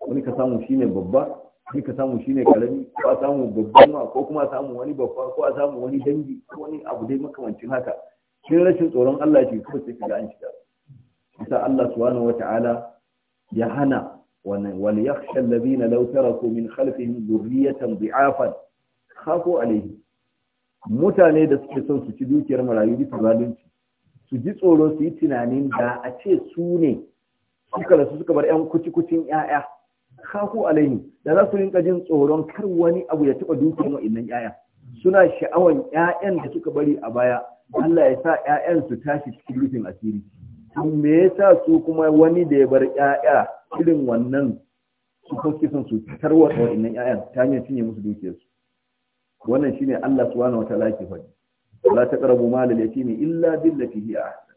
wani ka samu shine babba sai ka samu shine kalami, ko a samu babban ma ko kuma a samu wani babba ko a samu wani dangi ko wani abu dai makamancin haka shin rashin tsoron Allah ce kuma sai kaga an shiga isa Allah subhanahu wata'ala ya hana wannan wal yakhsha alladhina law taraku min khalfihim dhurriyatan bi'afan khafu alayhi mutane da suke son su ci dukiyar marayu bisa zalunci su ji tsoro su yi tunanin da a ce su ne suka rasu suka bar 'yan kucikucin 'ya'ya khafu alaihi da za su rinka jin tsoron kar wani abu ya taba dukiyar wa'annan yaya suna sha'awan ƴaƴan da suka bari a baya Allah ya sa ƴaƴan su tashi cikin rufin asiri me yasa su kuma wani da ya bar 'ya'ya irin wannan su kawai son su tarwata wa'annan ƴaƴan ta hanyar cinye musu su wannan shine Allah subhanahu wataala yake faɗi la taqrabu mal al-yatimi illa billati hiya ahsan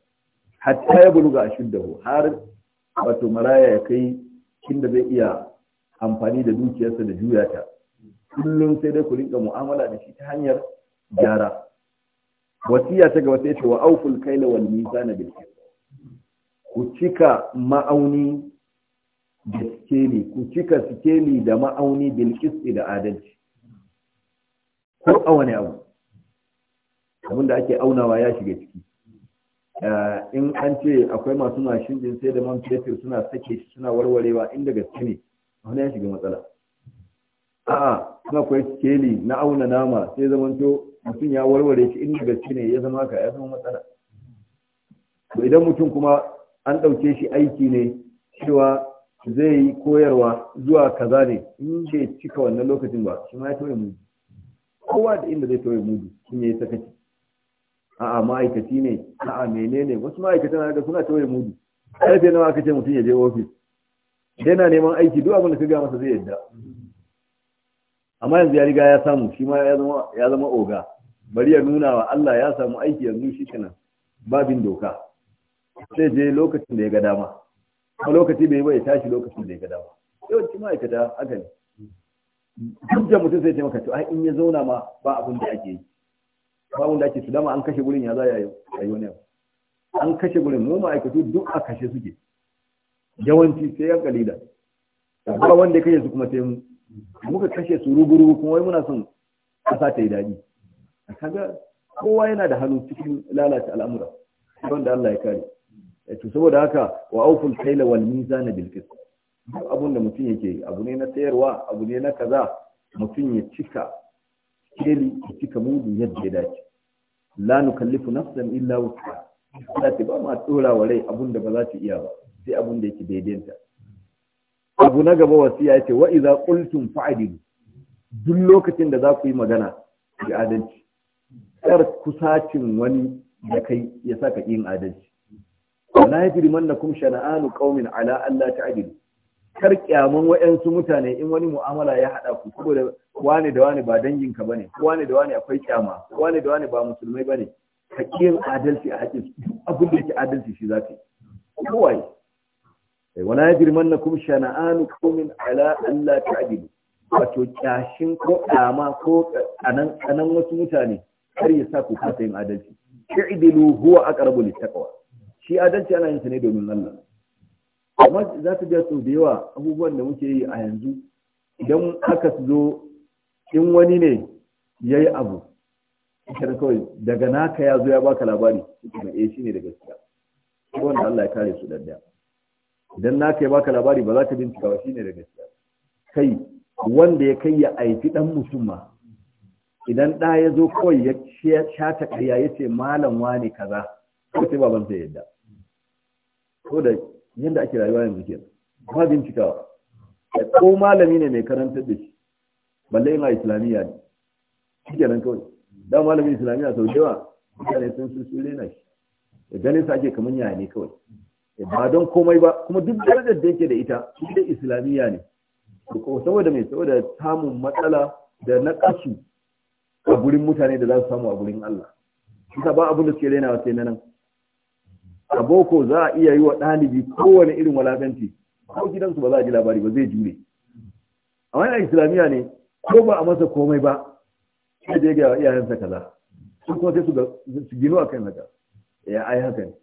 hatta yabluga ashuddahu har wato maraya ya kai kinda zai iya amfani da dukiyarsa da juya ta kullum sai dai ku rinka mu'amala da shi ta hanyar gyara wasiya ta gaba sai ce wa auful kaila wal mizana bil ku cika ma'auni da sikeli ku cika sikeli da ma'auni bil da adalci ko a wani abu abin da ake aunawa ya shiga ciki eh, in an ce akwai masu mashin din sai da man fetur suna sake shi suna warwarewa inda gaske ne wani ya shiga matsala a'a kuma akwai keli na auna nama sai zamanto mutum ya warware shi inda gaske ne ya zama ka ya zama matsala to idan mutum kuma an ɗauke shi aiki ne cewa zai yi koyarwa zuwa kaza ne in ce cika wannan lokacin ba shi ma ya tauye mudu kowa da inda zai tauye mudu ya saka sakaci a'a ma'aikaci ne a'a menene wasu ma'aikatan ga suna tauye mudu karfe nawa aka ce mutum ya je ofis yana neman aiki duk abin da ka gaya masa zai yadda amma yanzu ya riga ya samu shi ma ya zama oga bari ya nuna wa Allah ya samu aiki yanzu shi kenan babin doka sai je lokacin da ya ga dama kuma lokaci bai bai tashi lokacin da ya ga dama yawanci ma'aikata haka ne duk da mutum sai ce maka to ai in ya zauna ma ba abin da ake yi ba abin da ake su dama an kashe gurin ya za ya yi wani yau an kashe gurin mu ma'aikatu duk a kashe suke yawanci sai yan kalila ba wanda ya kashe su kuma sai muka kashe su ruguru kuma wai muna son kasa ta yi daɗi kaga kowa yana da hannu cikin lalata al'amura wanda Allah ya kare eh, to saboda haka wa auful kaila wal mizana bil qist duk abun da yake abu ne na sayarwa abu ne na kaza mutum ya cika keli ya cika mudu yadda ya dace la nukallifu nafsan illa wusa za ta ba ma tsora wa rai abunda da ba za ta iya ba sai abun da yake daidaita abu na gaba wasiya ce wa idza qultum fa'dilu duk lokacin da za ku yi magana da adalci kar kusacin wani da kai ya saka yin adalci wala yajrimannakum shana'anu qaumin ala ta ta'dilu kar kyaman wayansu mutane in wani mu'amala ya hada ku saboda wani da wani ba danginka bane wani da wani akwai kyama wani da wani ba musulmai bane ka yin adalci a haƙƙin abin da yake adalci shi zaka yi Eh, na kuma shana'anu qaumin ala Allah ta'dilu wato kyashin ko dama ko anan wasu mutane har ya sa ku kasa yin adalci i'dilu huwa aqrabu littaqwa shi adalci ana yin sa ne domin Allah amma za ta biya sau da yawa abubuwan da muke yi a yanzu idan aka zo in wani ne yayi abu kana kawai daga naka ya zo ya baka labari shi ne eh, shine da gaskiya wanda Allah ya kare su da daya idan na kai baka labari ba za ka bincika ba shine da gaskiya kai wanda ya kai ya aiki dan musumma. idan da ya zo kawai ya shata kariya ya ce malam wane kaza ko sai baban sai yadda ko da yadda ake rayuwa yanzu ke ba bincikawa ko malami ne mai karanta da shi balle ma islamiyya ne shi kenan kawai da malamin islamiyya sau da yawa mutane sun sun su rena shi da ganin sa ake kamar yaya ne kawai ba don komai ba kuma duk darajar da yake da ita da islamiyya ne saboda mai saboda samun matsala da na kasu a gurin mutane da za su samu a gurin Allah kusa ba abin da suke rainawa sai na nan a boko za a iya yi wa ɗalibi kowane irin walakanci ko gidansu ba za a ji labari ba zai jure a wani islamiyya ne ko ba a masa komai ba sai da ya ga iyayensa kaza sun kuma sai su gino a kan haka ya ai haka ne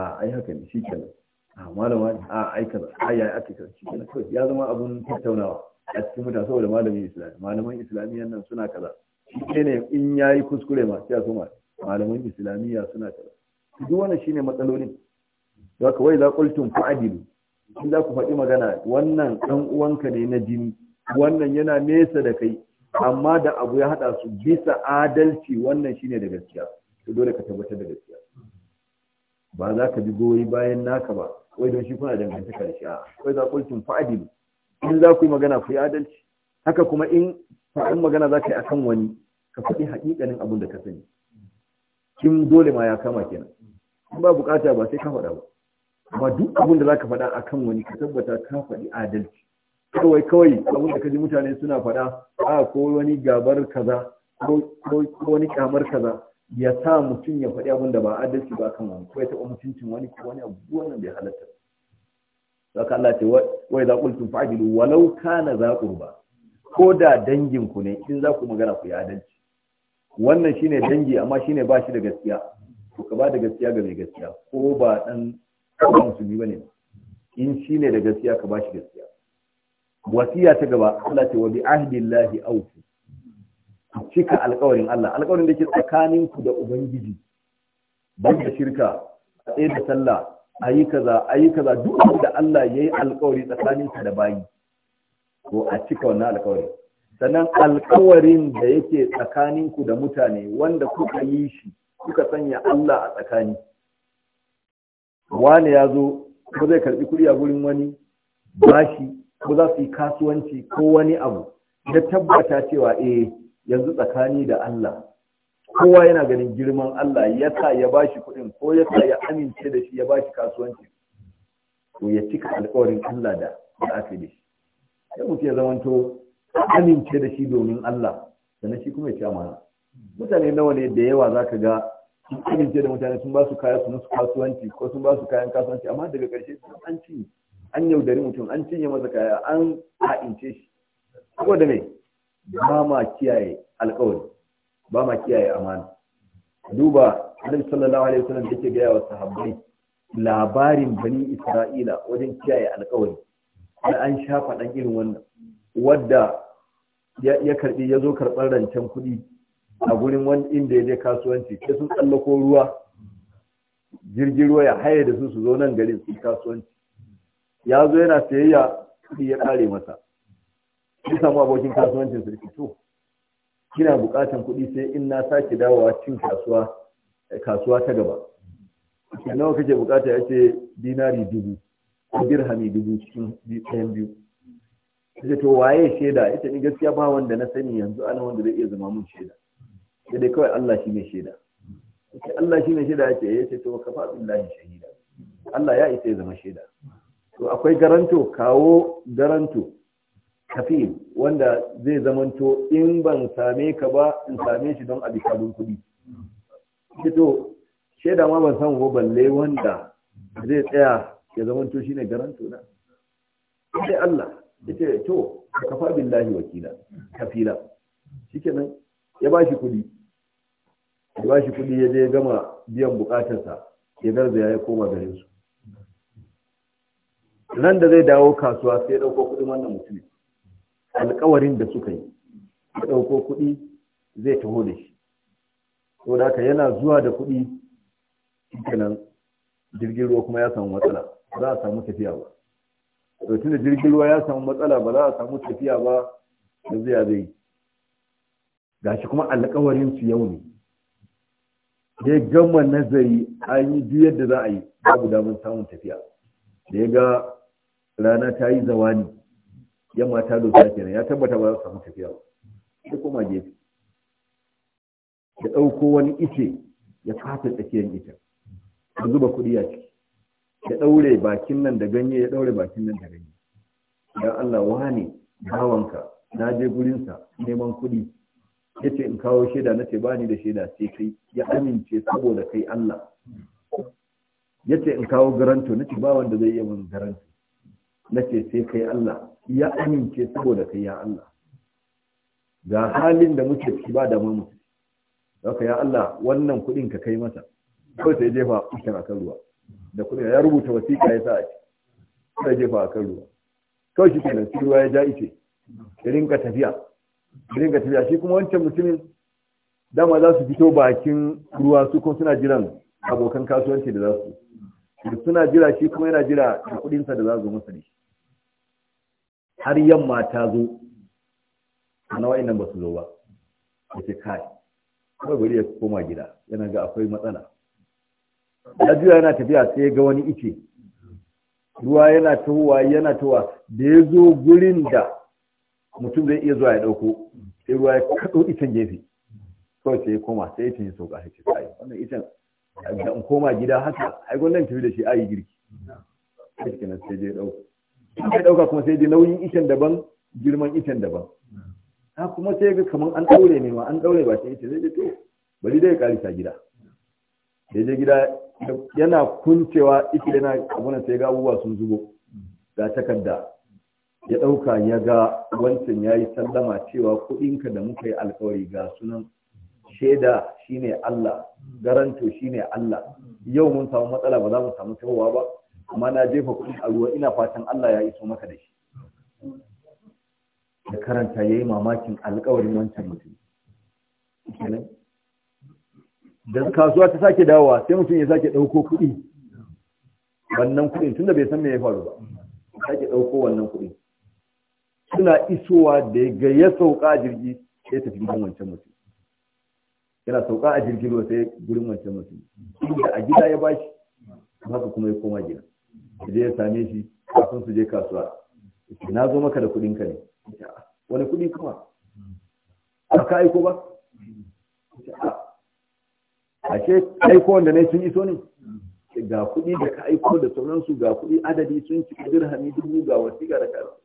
a ai haka ne shi kenan a malama a ai kaza ai ai ake kaza shi kenan kawai ya zama abun tattaunawa a cikin mutane saboda malamin islami malaman islamiyyan nan suna kaza shi ne in yayi kuskure ma sai a so malaman islamiyya suna kaza duk wannan shine matsalolin da ka wai za qultum fa'dilu in za ku faɗi magana wannan ɗan uwanka ne na jini wannan yana nesa da kai amma da abu ya haɗa su bisa adalci wannan shine da gaskiya to dole ka tabbatar da gaskiya ba za ka bi goyi bayan naka ba wai don shi kuna dangantaka da shi a wai za ku tun in za ku yi magana ku yi adalci haka kuma in in magana za ka yi akan wani ka faɗi haƙiƙanin abin da ka sani kin dole ma ya kama kenan in ba bukata ba sai ka faɗa ba amma duk abin da za ka faɗa akan wani ka tabbata ka faɗi adalci kawai kawai abin da ka ji mutane suna faɗa a ko wani gabar kaza ko wani kamar kaza ya sa mutum ya faɗi abin da ba adalci ba kan wani ko ya taɓa mutuncin wani ko wani abu wannan bai halatta ka Allah ce wai za qultum fa'dilu walau kana za ba ko da dangin ku ne in za ku magana ku yi adalci wannan shine dangi amma shine ba shi da gaskiya to ka ba da gaskiya ga mai gaskiya ko ba dan kan ba ne in shine da gaskiya ka ba shi gaskiya wasiya ta gaba Allah ce wa bi ahdillahi awfu cika alkawarin Allah alkawarin da ke tsakaninku da ubangiji ban da shirka a tsaye da sallah a yi kaza a yi kaza duk da Allah ya yi alkawari tsakaninsa da bayi ko a cika wannan alkawari sannan alkawarin da yake tsakaninku da mutane wanda kuka yi shi kuka sanya Allah a tsakani wani ya zo ko zai karbi kuɗi a gurin wani bashi ko za su yi kasuwanci ko wani abu da tabbata cewa eh yanzu tsakani da Allah kowa yana ganin girman Allah ya sa ya bashi kuɗin ko ya sa ya amince da shi ya bashi kasuwanci to ya cika alƙawarin Allah da ya aka da shi sai mutum ya zamanto amince da shi domin Allah sannan shi kuma ya ci amana mutane nawa ne da yawa za ka ga sun amince da mutane sun ba su kaya su musu kasuwanci ko sun ba su kayan kasuwanci amma daga ƙarshe sun an cinye an yaudari mutum an cinye masa kaya an ha'ince shi saboda me ba ma kiyaye alƙawari ba ma kiyaye amana duba annabi sallallahu alaihi wasallam yake gaya wa sahabbai labarin bani isra'ila wajen kiyaye alƙawari da an shafa dan irin wannan wadda ya karbi ya zo karɓar rancen kuɗi a gurin wani inda ya je kasuwanci sai sun tsallako ruwa jirgin ruwa ya haye da su su zo nan garin su kasuwanci ya zo yana sayayya kuɗi ya ƙare masa ya samu abokin kasuwancin su to kina bukatan kuɗi sai in na sake dawowa cin kasuwa kasuwa ta gaba nawa kake bukata ya ce dinari dubu ko dirhami dubu cikin ɗayan biyu sai to waye shaida ita ni gaskiya ba wanda na sani yanzu ana wanda zai iya zama mun shaida sai dai kawai Allah shi ne shaida sai Allah shi ne shaida Ya ce eh. to kafa billahi shahida Allah ya isa ya zama shaida to akwai garanto kawo garanto kafin wanda zai zamanto in ban same ka ba in same shi don abikalin kuɗi fito shaida ma ban san ko balle wanda zai tsaya ya zamanto shine garanto in sai Allah ita to kafa billahi wakila kafila shikenan ya shi kuɗi ya bashi kuɗi ya je gama biyan bukatarsa ya garzaya ya koma garin su nan da zai dawo kasuwa sai ya dauko kuɗin wannan mutumin alkawarin da suka yi ya ɗauko kuɗi zai taho da shi da haka yana zuwa da kuɗi kenan jirgin ruwa kuma ya samu matsala za a samu tafiya ba to tunda jirgin ruwa ya samu matsala ba za a samu tafiya ba da zai zai gashi kuma alƙawarin su yau ne ya gama nazari an yi duk yadda za a yi babu damar samun tafiya da ya ga rana ta yi zawani yamma ta doka kenan ya tabbata ba za su samu tafiya ba sai koma gefe ya ɗauko wani ice ya fata tsakiyar ita ya zuba kuɗi a ciki ya ɗaure bakin nan da ganye ya ɗaure bakin nan da ganye ya Allah wane bawanka na je gurinsa neman kuɗi ya ce in kawo shaida na ce bani da shaida sai kai ya amince saboda kai Allah ya ce in kawo garanto na ce ba wanda zai iya mun garanto na ce sai kai Allah ya amince saboda kai ya Allah ga halin da muke ciki ba da mamu haka ya Allah wannan kuɗin ka kai masa kawai sai jefa kuɗin a kan ruwa da kudin ya rubuta wasiƙa ya sa a ci sai jefa a kan ruwa kawai shi kenan sai ruwa ya ja ice ya rinka tafiya ya rinka tafiya shi kuma wancan mutumin dama za su fito bakin ruwa su kuma suna jiran abokan kasuwanci da za su suna jira shi kuma yana jira da kuɗinsa da za su masa da shi har yamma ta zo nawa wa'annan ba su zo ba ya ke kai kawai bari ya koma gida yana ga akwai matsala ya juya yana tafiya sai ya ga wani ice ruwa yana tahowa yana tahowa da ya zo gurin da mutum zai iya zuwa ya dauko. sai ruwa ya kaɗo icen gefe kawai sai ya koma sai ya ya sauka ya ce kai wannan icen da in koma gida haka ai gwamnan tafi da shi ayi girki sai kenan sai je ɗauko in ka ɗauka kuma sai nauyin icen daban girman ishen daban ha kuma sai ga kaman an ɗaure ne ma an ɗaure ba sai ita zai to bari dai ya gida da je gida yana kuncewa ita yana abuna sai ga abubuwa sun zubo ga takarda ya ɗauka ya ga wancan ya yi sallama cewa kuɗinka da muka yi alkawari ga sunan shaida shine Allah garanto shine Allah yau mun samu matsala ba za mu samu tahowa ba amma na jefa kuɗi a ruwa ina fatan Allah ya iso maka da shi da karanta yayi mamakin alƙawarin wancan mutum kenan da kasuwa ta sake dawowa sai mutum ya sake ɗauko kuɗi wannan kuɗin tunda bai san me ya faru ba sake ɗauko wannan kuɗi suna isowa da ga ya sauka a jirgi sai tafi gidan wancan mutum yana sauka a jirgin ruwa sai gurin wancan mutum inda a gida ya bashi haka kuma ya koma gida su je ya same shi kafin su je kasuwa na zo maka da kuɗinka ne ah, wani kuɗi kuma ba ah, ka aiko ba ce ah, aiko wanda ne sun iso ne ga kuɗi da ka aiko da sauransu ga kuɗi adadi sun cika dirhami dubu ga wasiƙa da karo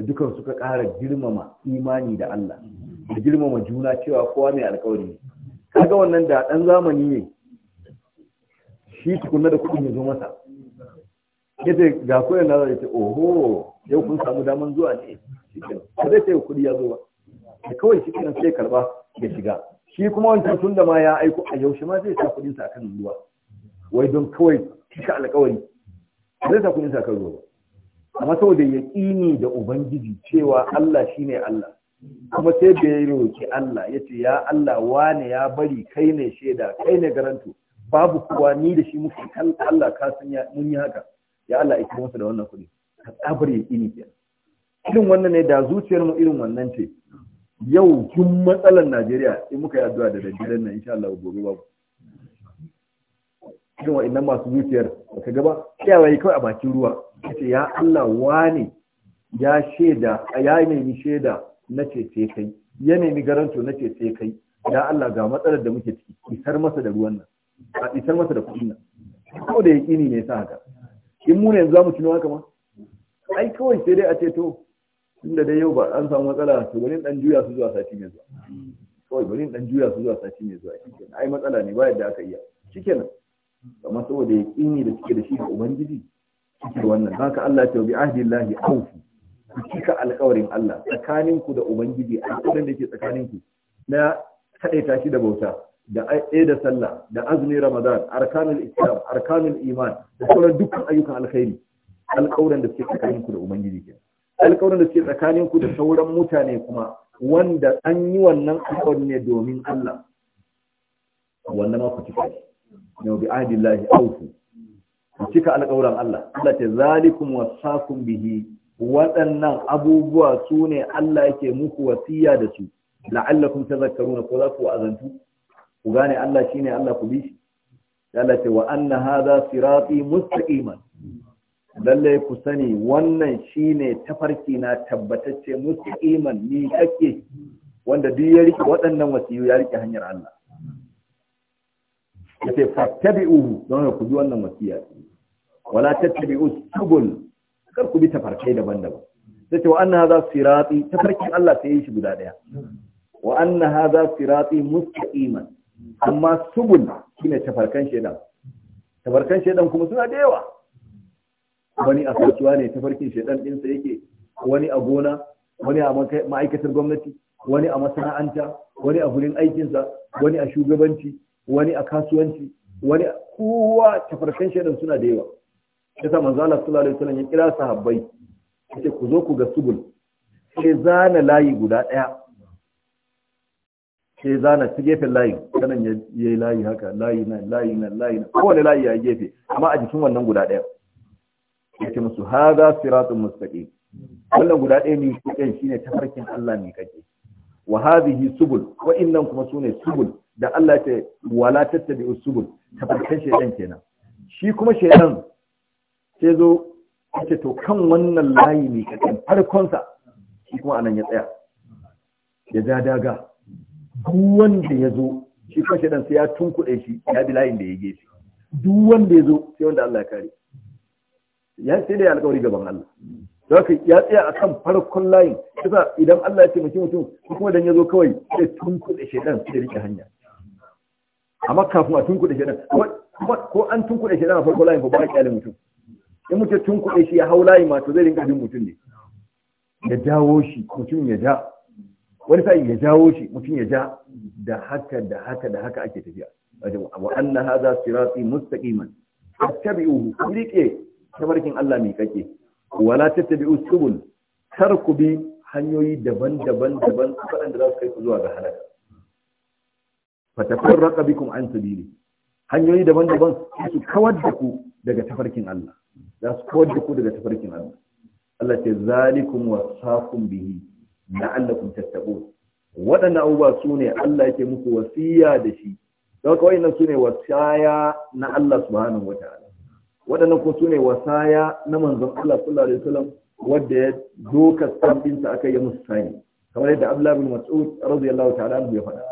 dukan suka ƙara girmama imani da Allah da girmama juna cewa kowa mai alkawari kaga wannan da ɗan zamani ne shi tukunna da kuɗin ya zo masa ita ga koyar na zai ce oho yau kun samu daman zuwa ne ka zai ce kuɗi ya zo ba da kawai shi kan sai karba ya shiga shi kuma wancan tun da ma ya aiko a yaushe ma zai sa sa akan ruwa wai don kawai cika alkawari zai sa sa akan ruwa amma saboda ya kini da ubangiji cewa Allah shine Allah kuma sai da ya roki Allah ya ce ya Allah wane ya bari kai ne shaida kai ne garanto babu kowa ni da shi muke Allah ka san mun yi haka ya Allah ya masa da wannan kuɗi ka tsabar ya ke irin wannan ne da zuciyar mu irin wannan ce yau tun matsalar Najeriya in muka yi addu'a da dangilan nan insha Allah gobe babu irin wa'annan masu zuciyar ba ka gaba kiyawa kawai a bakin ruwa kace ya Allah wane ya shaida ya nemi shaida na cece kai ya nemi garanto na cece kai ya Allah ga matsalar da muke ciki isar masa da ruwan nan a isar masa da kuɗin nan ko da yaƙini ne sa haka in mu ne yanzu za mu tuno haka ma ai kawai sai dai a ce to tunda dai yau ba an samu matsala to bari dan juya su zuwa sati mai zuwa kawai bari dan juya su zuwa sati mai zuwa shikenan ai matsala ne ba yadda aka iya shikenan amma saboda ya kini da suke da shi ga ubangiji
suke wannan haka
Allah ya ce bi ahdillahi awfu ku cika alƙawarin Allah tsakaninku da ubangiji alƙawarin da ke tsakaninku na kadaita shi da bauta da ɗaya eh, da sallah da azumi ramadan arkanul islam arkanul iman da sauran dukkan ayyukan alkhairi alƙawuran da suke tsakanin ku da ubangiji ke alƙawuran da suke tsakanin ku da sauran mutane kuma wanda an yi wannan alƙawari ne domin Allah wannan ma ku cika shi ne bi ahdillahi awfu ku cika alƙawuran Allah Allah ta zalikum wasakum bihi waɗannan abubuwa su ne Allah yake muku wasiya da su la'allakum tazakkaruna ko za ku wa'azantu ku gane Allah shi ne Allah ku bi shi Allah ce wa anna hadha sirati mustaqiman lalle ku sani wannan shi ne tafarki na tabbatacce mustaqiman ni kake wanda duk ya rike waɗannan wasiyu ya rike hanyar Allah Ya yace fattabi'uhu don ku bi wannan wasiya wala tattabi'u subul kar ku bi tafarkai daban-daban sai ce wa an na haza sirati tafarkin Allah sai yi shi guda ɗaya. wa anna hadha sirati mustaqiman amma subul shine tafarkan shedan tafarkan shedan kuma suna da yawa wani a kasuwa ne tafarkin shedan din sa yake wani a gona wani a ma'aikatar gwamnati wani a masana'anta wani a gurin aikinsa wani a shugabanci wani a kasuwanci wani kowa tafarkan shedan suna da yawa yasa manzo Allah sallallahu alaihi wasallam ya kira sahabbai yace ku zo ku ga subul sai zana layi guda ɗaya. sai zana ta gefen layi kanan ya yi layi haka layi na layi na layi na kowane layi ya gefe amma a jikin wannan guda ɗaya ya ce musu haza siratun mustaƙi wannan guda ɗaya ne kuɗin shine tafarkin Allah ne kake wa hadhihi subul wa innan kuma sune subul da Allah ya ce wala tattabi'u subul tafarkin shaytan kenan shi kuma shaytan sai zo ya to kan wannan layi ne kake farkon sa shi kuma anan ya tsaya ya ja daga duk wanda ya zo shi kuma shaidan sai ya tunkuɗe shi ya bi layin da ya gefe duk wanda ya zo sai wanda Allah ya kare ya sai da ya alƙawari gaban Allah haka ya tsaya akan farkon layin kisa idan Allah ya ce mutum mutum kuma dan ya zo kawai sai tunkuɗe shaidan sai rike hanya amma kafin a tunkuɗe shaidan ko an tunkuɗe shaidan a farkon layin ko ba a kyale mutum in mutum tunkuɗe shi ya hau layi ma to zai rinka bin mutum ne ya dawo shi mutum ya ja wani sa'in ya jawo shi mutum ya ja da haka da haka da haka ake tafiya Wajen wa anna hadha sirati mustaqiman fattabi'uhu rike tabarkin Allah mai kake wala tattabi'u subul tarku bi hanyoyi daban-daban daban da za su kai ku zuwa ga halaka fatafarraqa bikum an sabili hanyoyi daban-daban su kawar da ku daga tafarkin Allah za su kawar da ku daga tafarkin Allah Allah ce zalikum wasakum bihi la'allakum tattaqun waɗannan abubuwa su ne Allah yake muku wasiya da shi don kawai nan su ne wasaya na Allah subhanahu wa ta'ala waɗannan ko su ne wasaya na manzon Allah sallallahu alaihi wasallam wanda ya doka sabbinsa aka yi musu sani kamar yadda Abdullah bin Mas'ud radiyallahu ta'ala anhu ya faɗa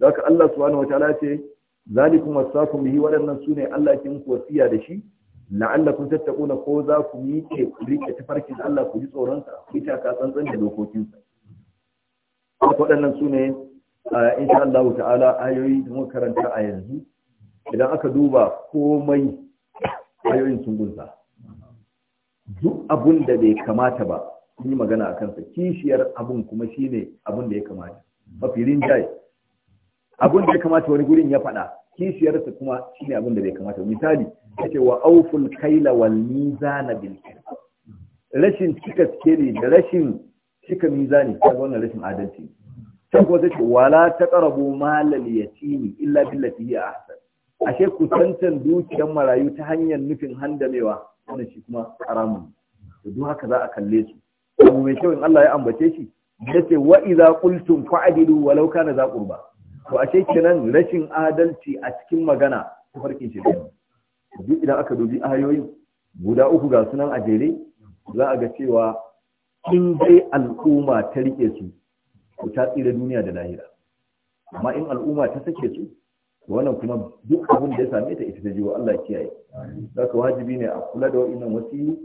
don haka Allah subhanahu wa ta'ala ce zalikum wasakum bihi waɗannan su ne Allah yake muku wasiya da shi la'allakum tattaquna ko za ku miƙe ku rike tafarkin Allah ku ji tsoron sa ku ta ka tsantsan da dokokinsa waɗannan su ne insha Allah ta'ala ayoyi da muka karanta a yanzu idan aka duba komai ayoyin sun gunsa duk abun da bai kamata ba sun yi magana a kansa kishiyar abun kuma shine abun da ya kamata mafi rinjaye abun da ya kamata wani gurin ya faɗa kishiyarsa kuma shine abun da bai kamata misali ce wa auful kaila wal nizana bil rashin cika sikeli da rashin cika mizani ta wannan rashin adalci can kuma sai wala ta karabu malal yatimi illa billati hiya ahsan ashe tantan dukiyar marayu ta hanyar nufin handamewa wannan shi kuma haramun to duk haka za a kalle su abu mai kyau in Allah ya ambace shi yace wa idza qultum fa'dilu walau kana za qurba to ashe kenan rashin adalci a cikin magana farkin shi duk idan aka dubi ayoyin guda uku ga sunan a jere za a ga cewa in dai al'umma ta rike su to ta tsira duniya da lahira amma in al'umma ta sake su wannan kuma duk abin da ya same ta ita ta jiwa Allah kiyaye za ka wajibi ne a kula da wa'innan wasiyu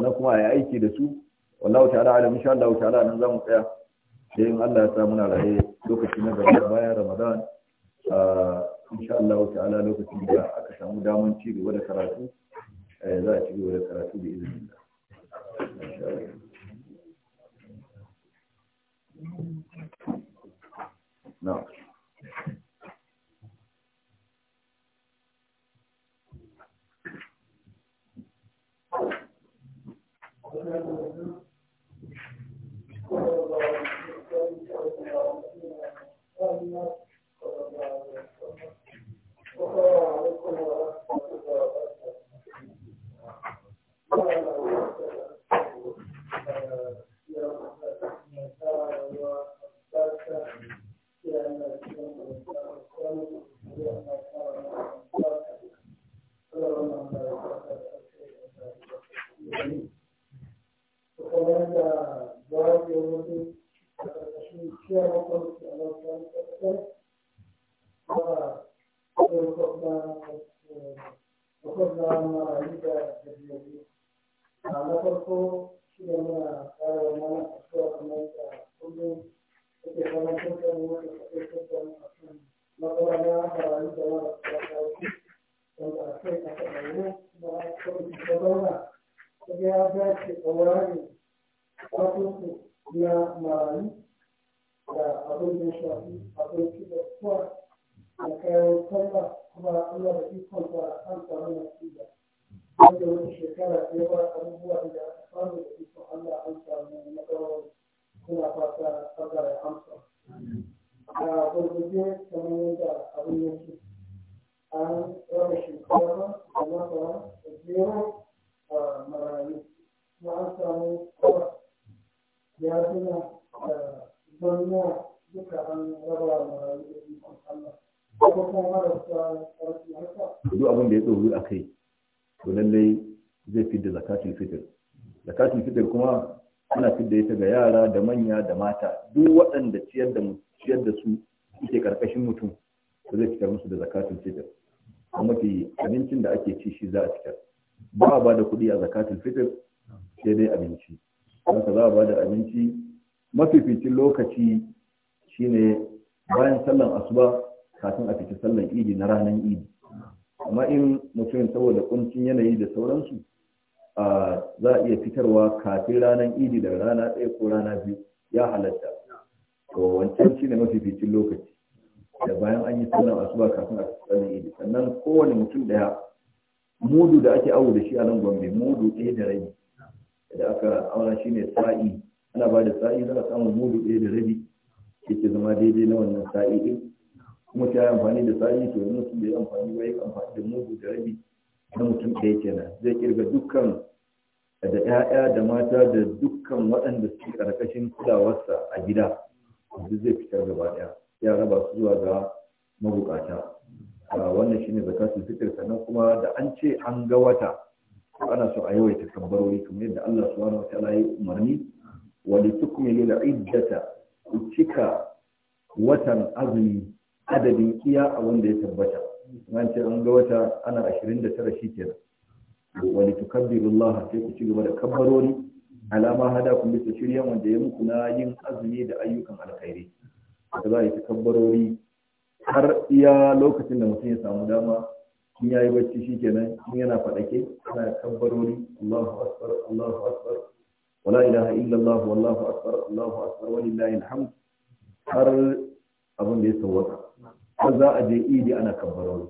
na kuma ya aiki da su wallahu ta'ala alim insha Allah ta'ala nan zamu tsaya sai in Allah ya sa muna raye lokaci na gaba bayan Ramadan ah, insha Allah ta'ala lokacin da aka samu daman ci gaba da karatu eh, za a ci gaba da karatu da izinin Allah No. Thank
you.
mata duk waɗanda ciyar da ciyar da su suke karkashin mutum ko zai fitar musu da zakatul fitr amma abincin da ake ci shi za a fitar ba a ba kuɗi a zakatul fitr sai dai abinci haka za a ba da abinci mafificin lokaci shine bayan sallan asuba kafin a fita sallan idi na ranan idi amma in mutum saboda kuncin yanayi da sauransu za a iya fitarwa kafin ranan idi daga rana ɗaya ko rana biyu ya halatta to wancan shine mafificin lokaci da bayan an yi sunan asuba kafin a tsarin idi sannan kowane mutum daya mudu da ake awo da shi a nan gombe mudu ɗaya da rabi da aka shi shine sa'i ana ba da sa'i za a samu mudu ɗaya da rabi yake zama daidai na wannan sa'i ɗin kuma ta yi amfani da sa'i to wani mutum bai amfani ba ya amfani da mudu da rabi na mutum ɗaya kenan zai kirga dukkan da 'ya'ya da mata da dukkan waɗanda suke ƙarƙashin kulawarsa a gida yanzu zai fitar gaba ɗaya ya raba su zuwa ga mabukata wannan shi shine su fitar sannan kuma da an ce an ga wata ana so a yawaita tambarori kamar yadda Allah subhanahu wataala layi, umarni wa li tukmilu iddata ku cika watan azumi adadin iya a wanda ya tabbata an ce an ga wata ana 29 kenan. wani tukabbirullah sai ku ci gaba da kabbarori alama hada kun bisa shirya wanda ya muku na yin azumi da ayyukan alkhairi da za a yi takabbarori har iya lokacin da mutum ya samu dama in ya yi bacci shi kenan in yana faɗake ana kabbarori Allahu akbar Allahu akbar wala ilaha illallah wallahu akbar Allahu akbar walillahi alhamd har abin da ya sauka. har za a je idi ana kabbarori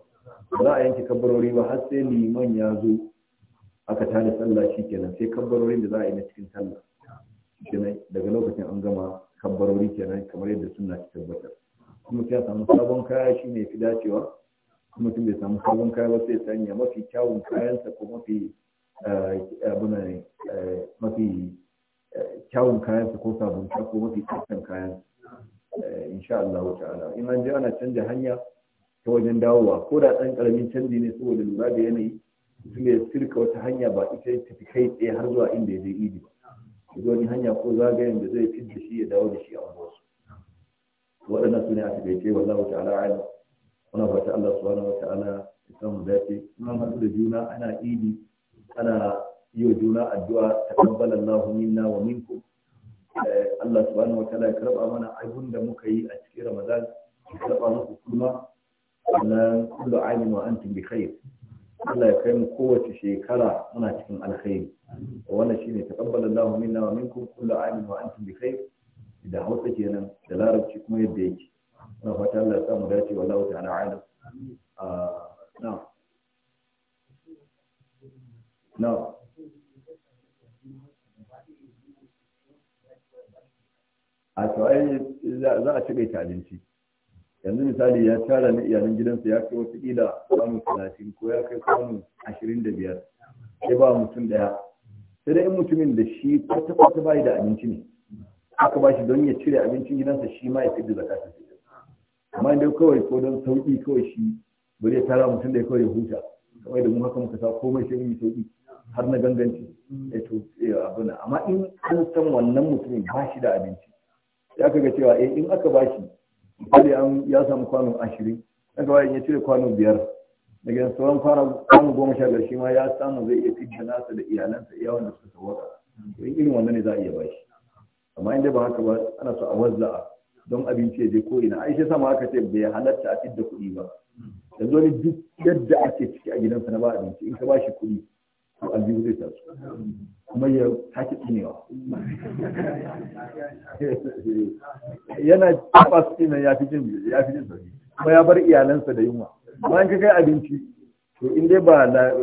ba za a yanke kabbarori ba har sai liman ya zo aka tada sallah shi kenan sai kabbarorin da za a yi na cikin sallah kenan daga lokacin an gama kabbarori kenan kamar yadda suna ta tabbatar kuma sai ya samu sabon kaya shi ne fi dacewa kuma tun bai samu sabon kaya ba sai sanya mafi kyawun kayansa ko mafi eh, abuna eh, mafi eh, kyawun kayansa ko sabon ko mafi tsaftan kayan insha Allah wa ta'ala in an ji ana canja hanya ta wajen dawowa ko da ɗan ƙaramin canji ne saboda lura da yanayi mutum ya sirka wata hanya ba ita ta fi kai tsaye har zuwa inda ya je idi ba ya wani hanya ko zagayen da zai fi da shi ya dawo da shi a wasu waɗannan su ne a taƙaice wata ta'ala alam muna fata Allah subhanahu wa ta'ala ya samu dace muna haɗu da juna ana idi ana yi wa juna addu'a taqabbal Allahu minna wa minku. Eh, Allah subhanahu wa ta'ala ya karɓa mana abin da muka yi a cikin Ramadan ya karɓa muku kuma sannan kullu amin wa antum bi khair Allah ya kai mu kowace shekara muna cikin alkhairi wannan shine taqabbala Allahu minna wa minkum kullu amin wa antum bi khair da Hausa kenan da Larabci kuma yadda yake muna fata Allah ya sa mu dace wallahu ta'ala alim ah, na'am na'am a ah, to ai za a ci ta abinci yanzu misali ya tara na iyalan gidansa ya kai wata ƙila kwano talatin ko ya kai kwano ashirin da biyar sai ba mutum ɗaya sai dai in mutumin da shi kwata kwata bayi da abinci ne aka ba shi don ya cire abincin gidansa shi ma ya fidda zakata amma dai kawai ko don sauƙi kawai shi bari ya tara mutum da kawai ya huta kawai da mu haka muka sa komai sai mu sauƙi har na ganganci ya eh to eh abuna amma in an san wannan mutumin ba shi da abinci ya kaga cewa eh in aka ba shi bari an ya samu kwanon ashirin daga in ya cire kwanon biyar daga sauran kwanon goma sha biyar shi ma ya samu zai iya fidda nasa da iyalansa iya wanda suka sawaka to irin wanda ne za a iya bashi amma inda ba haka ba ana so a wazza'a don abinci ya je ko ina ai sai sama haka ce bai halarta a fidda kuɗi ba yanzu wani duk yadda ake ciki a gidansa na ba abinci in ka ba shi kuɗi to aljihu zai tasu kuma ya sake tsinewa yana taba su tsinan ya fi jin ya fi jin sauki kuma ya bar iyalansa da yunwa bayan ka kai abinci to in dai ba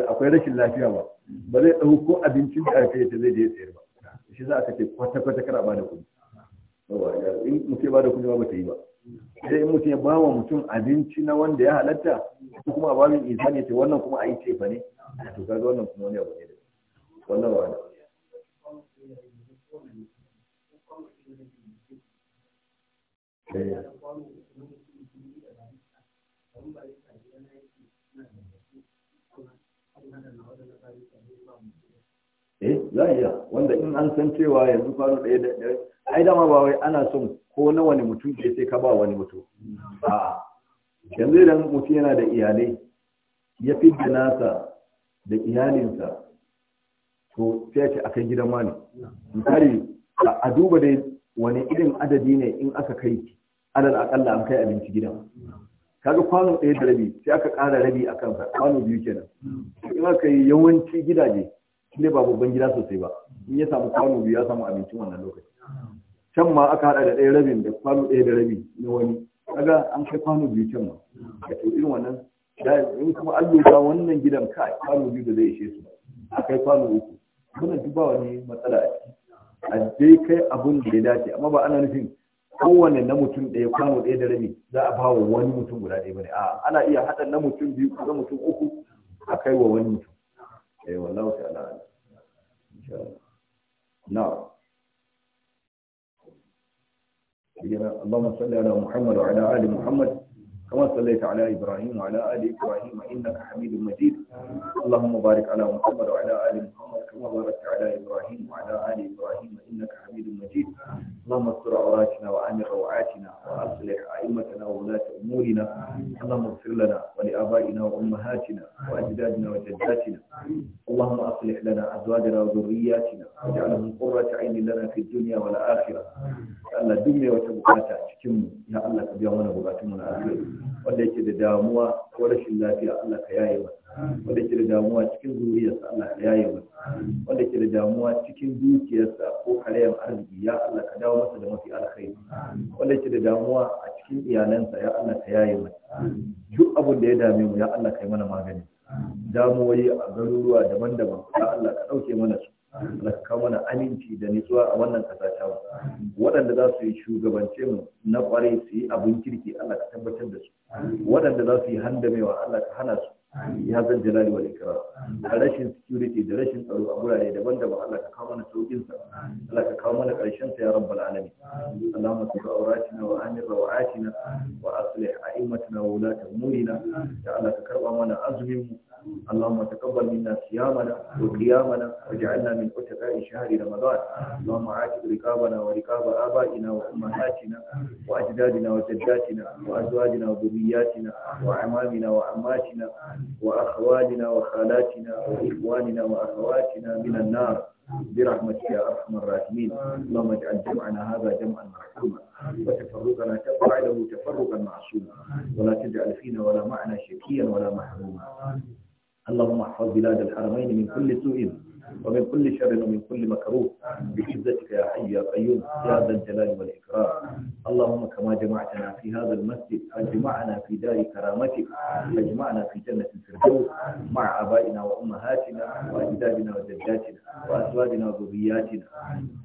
akwai rashin lafiya ba ba zai ɗauko abincin da aka yi zai je sayar ba shi za a ce kwata kwata kana ba da kuɗi in mutum ba da kuɗi ba ta yi ba sai in mutum ya ba wa mutum abinci na wanda ya halatta kuma a babin insani ce wannan kuma a yi ce ba ne to wannan kuma wani abu ne da wannan ba wani
eh za a iya wanda
in an san cewa yanzu kwano ɗaya da ɗaya ai dama ba wai ana son ko na wani mutum ke sai ka ba wani mutum yanzu idan mutum yana da iyalai ya fi da nasa da iyalinsa to sai ce a kai gidan wani misali a duba dai wani irin adadi ne in aka kai alal akalla an kai abinci gidan kaga kwano ɗaya da rabi sai aka ƙara rabi a kansa kwano biyu kenan in aka yi yawanci gidaje ne ba babban gida sosai ba in ya samu kwano biyu ya samu abincin wannan lokaci can ma aka haɗa da ɗaya rabin da kwano ɗaya da rabi na wani kaga an kai kwano biyu can ma irin wannan in kuma an lura wannan gidan ka kwano biyu da zai ishe su a kai kwano uku muna duba wani matsala a ciki a dai kai abin da ya dace amma ba ana nufin kowane na mutum ɗaya kwano ɗaya da rami za a bawa wani mutum guda ɗaya bane a ana iya haɗa na mutum biyu ko na mutum uku a kai wa wani mutum eh wallahu ta'ala Allahumma salli ala Muhammad wa ala Ali Muhammad. كما صليت على إبراهيم وعلى آل إبراهيم إنك حميد مجيد اللهم بارك على محمد وعلى آل محمد كما باركت على إبراهيم وعلى آل إبراهيم إنك حميد مجيد اللهم استر عوراتنا وآمن روعاتنا وأصلح أئمتنا وولاة أمورنا اللهم اغفر لنا ولآبائنا وأمهاتنا وأجدادنا وجداتنا اللهم أصلح لنا أزواجنا وذرياتنا واجعلهم قرة عين لنا في الدنيا والآخرة يا الله دنيا وتبقاتها تكمل يا الله كبيرنا وباتمنا آخرين wanda yake da damuwa ko rashin lafiya Allah ka yaye masa wanda yake da damuwa cikin zuriyarsa Allah ka yaye masa wanda yake da damuwa cikin dukiyarsa ko karayar arziki ya Allah ka dawo masa da mafi alkhairi wanda yake da damuwa a cikin iyalansa ya Allah ka yaye masa duk abin da ya dame mu ya Allah ka yi mana magani damuwoyi a garuruwa daban-daban ya Allah ka ɗauke mana su Allah ka kawo mana aminci da nutsuwa a wannan ƙasa ta waɗanda za su yi shugabance mu na ƙwarai su yi abin kirki Allah ka tabbatar da su waɗanda za su yi handamewa Allah ka hana su ya zan jalali wa ikram a rashin security da rashin tsaro a gurare daban-daban Allah ka kawo mana saukin sa Allah ka kawo mana karshen sa ya rabbal alamin Allahumma sura auratina wa amir rawatina wa aslih a'immatina wa ulata umurina Da Allah ka karba mana azumin mu اللهم تقبل منا صيامنا وقيامنا واجعلنا من اتقاء شهر رمضان اللهم عاتق رقابنا ورقاب آبائنا وأمهاتنا وأجدادنا وجداتنا وأزواجنا وذرياتنا وعمامنا وعماتنا وأخوالنا وخالاتنا وإخواننا وأخواتنا من النار برحمتك يا ارحم الراحمين اللهم اجعل جمعنا هذا جمعا مرحوما وتفرقنا تفرقه تفرقا معصوما ولا تجعل فينا ولا معنا شكيا ولا محروما اللهم احفظ بلاد الحرمين من كل سوء ومن كل شر ومن كل مكروه بعزتك يا حي يا قيوم يا ذا الجلال والإكرام اللهم كما جمعتنا في هذا المسجد أجمعنا في دار كرامتك أجمعنا في جنة الفردوس مع آبائنا وأمهاتنا وأجدادنا وجداتنا وأزواجنا وذرياتنا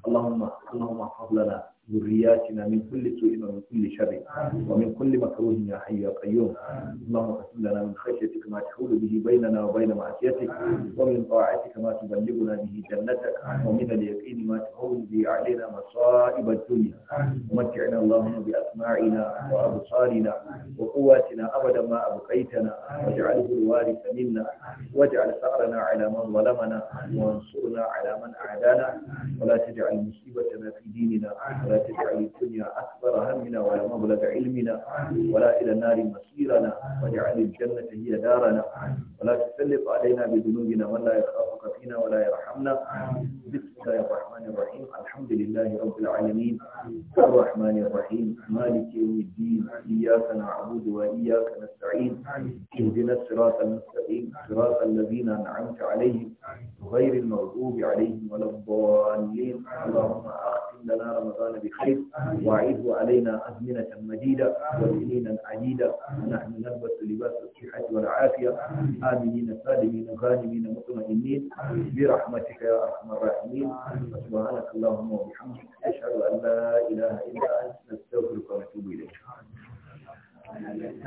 اللهم اللهم احفظ لنا ذرياتنا من كل سوء ومن كل شر ومن كل مكروه يا حي يا قيوم اللهم اقسم لنا من خشيتك ما تحول به بيننا وبين معصيتك ومن طاعتك ما تبلغنا به جنتك ومن اليقين ما تهون به علينا مصائب الدنيا ومتعنا اللهم باسماعنا وابصارنا وقواتنا ابدا ما ابقيتنا واجعله الوارث منا واجعل ثارنا على من ظلمنا وانصرنا على من عادانا ولا تجعل مصيبتنا في ديننا ولا تجعل الدنيا أكبر همنا ولا مبلغ علمنا ولا إلى النار مصيرنا واجعل الجنة هي دارنا ولا تسلط علينا بذنوبنا ولا يخافك فينا ولا يرحمنا بسم الله الرحمن الرحيم الحمد لله رب العالمين الرحمن الرحيم مالك يوم الدين إياك نعبد وإياك نستعين اهدنا الصراط المستقيم صراط الذين أنعمت عليهم غير المغضوب عليهم ولا الضالين اللهم أختم لنا رمضان بخير وأعده علينا أزمنة مديدة وسنينا عديدة نحن نلبس لباس الصحة والعافية آمنين سالمين غانمين مطمئنين برحمتك يا أرحم الراحمين
سبحانك اللهم وبحمدك أشهد أن لا إله إلا أنت نستغفرك ونتوب إليك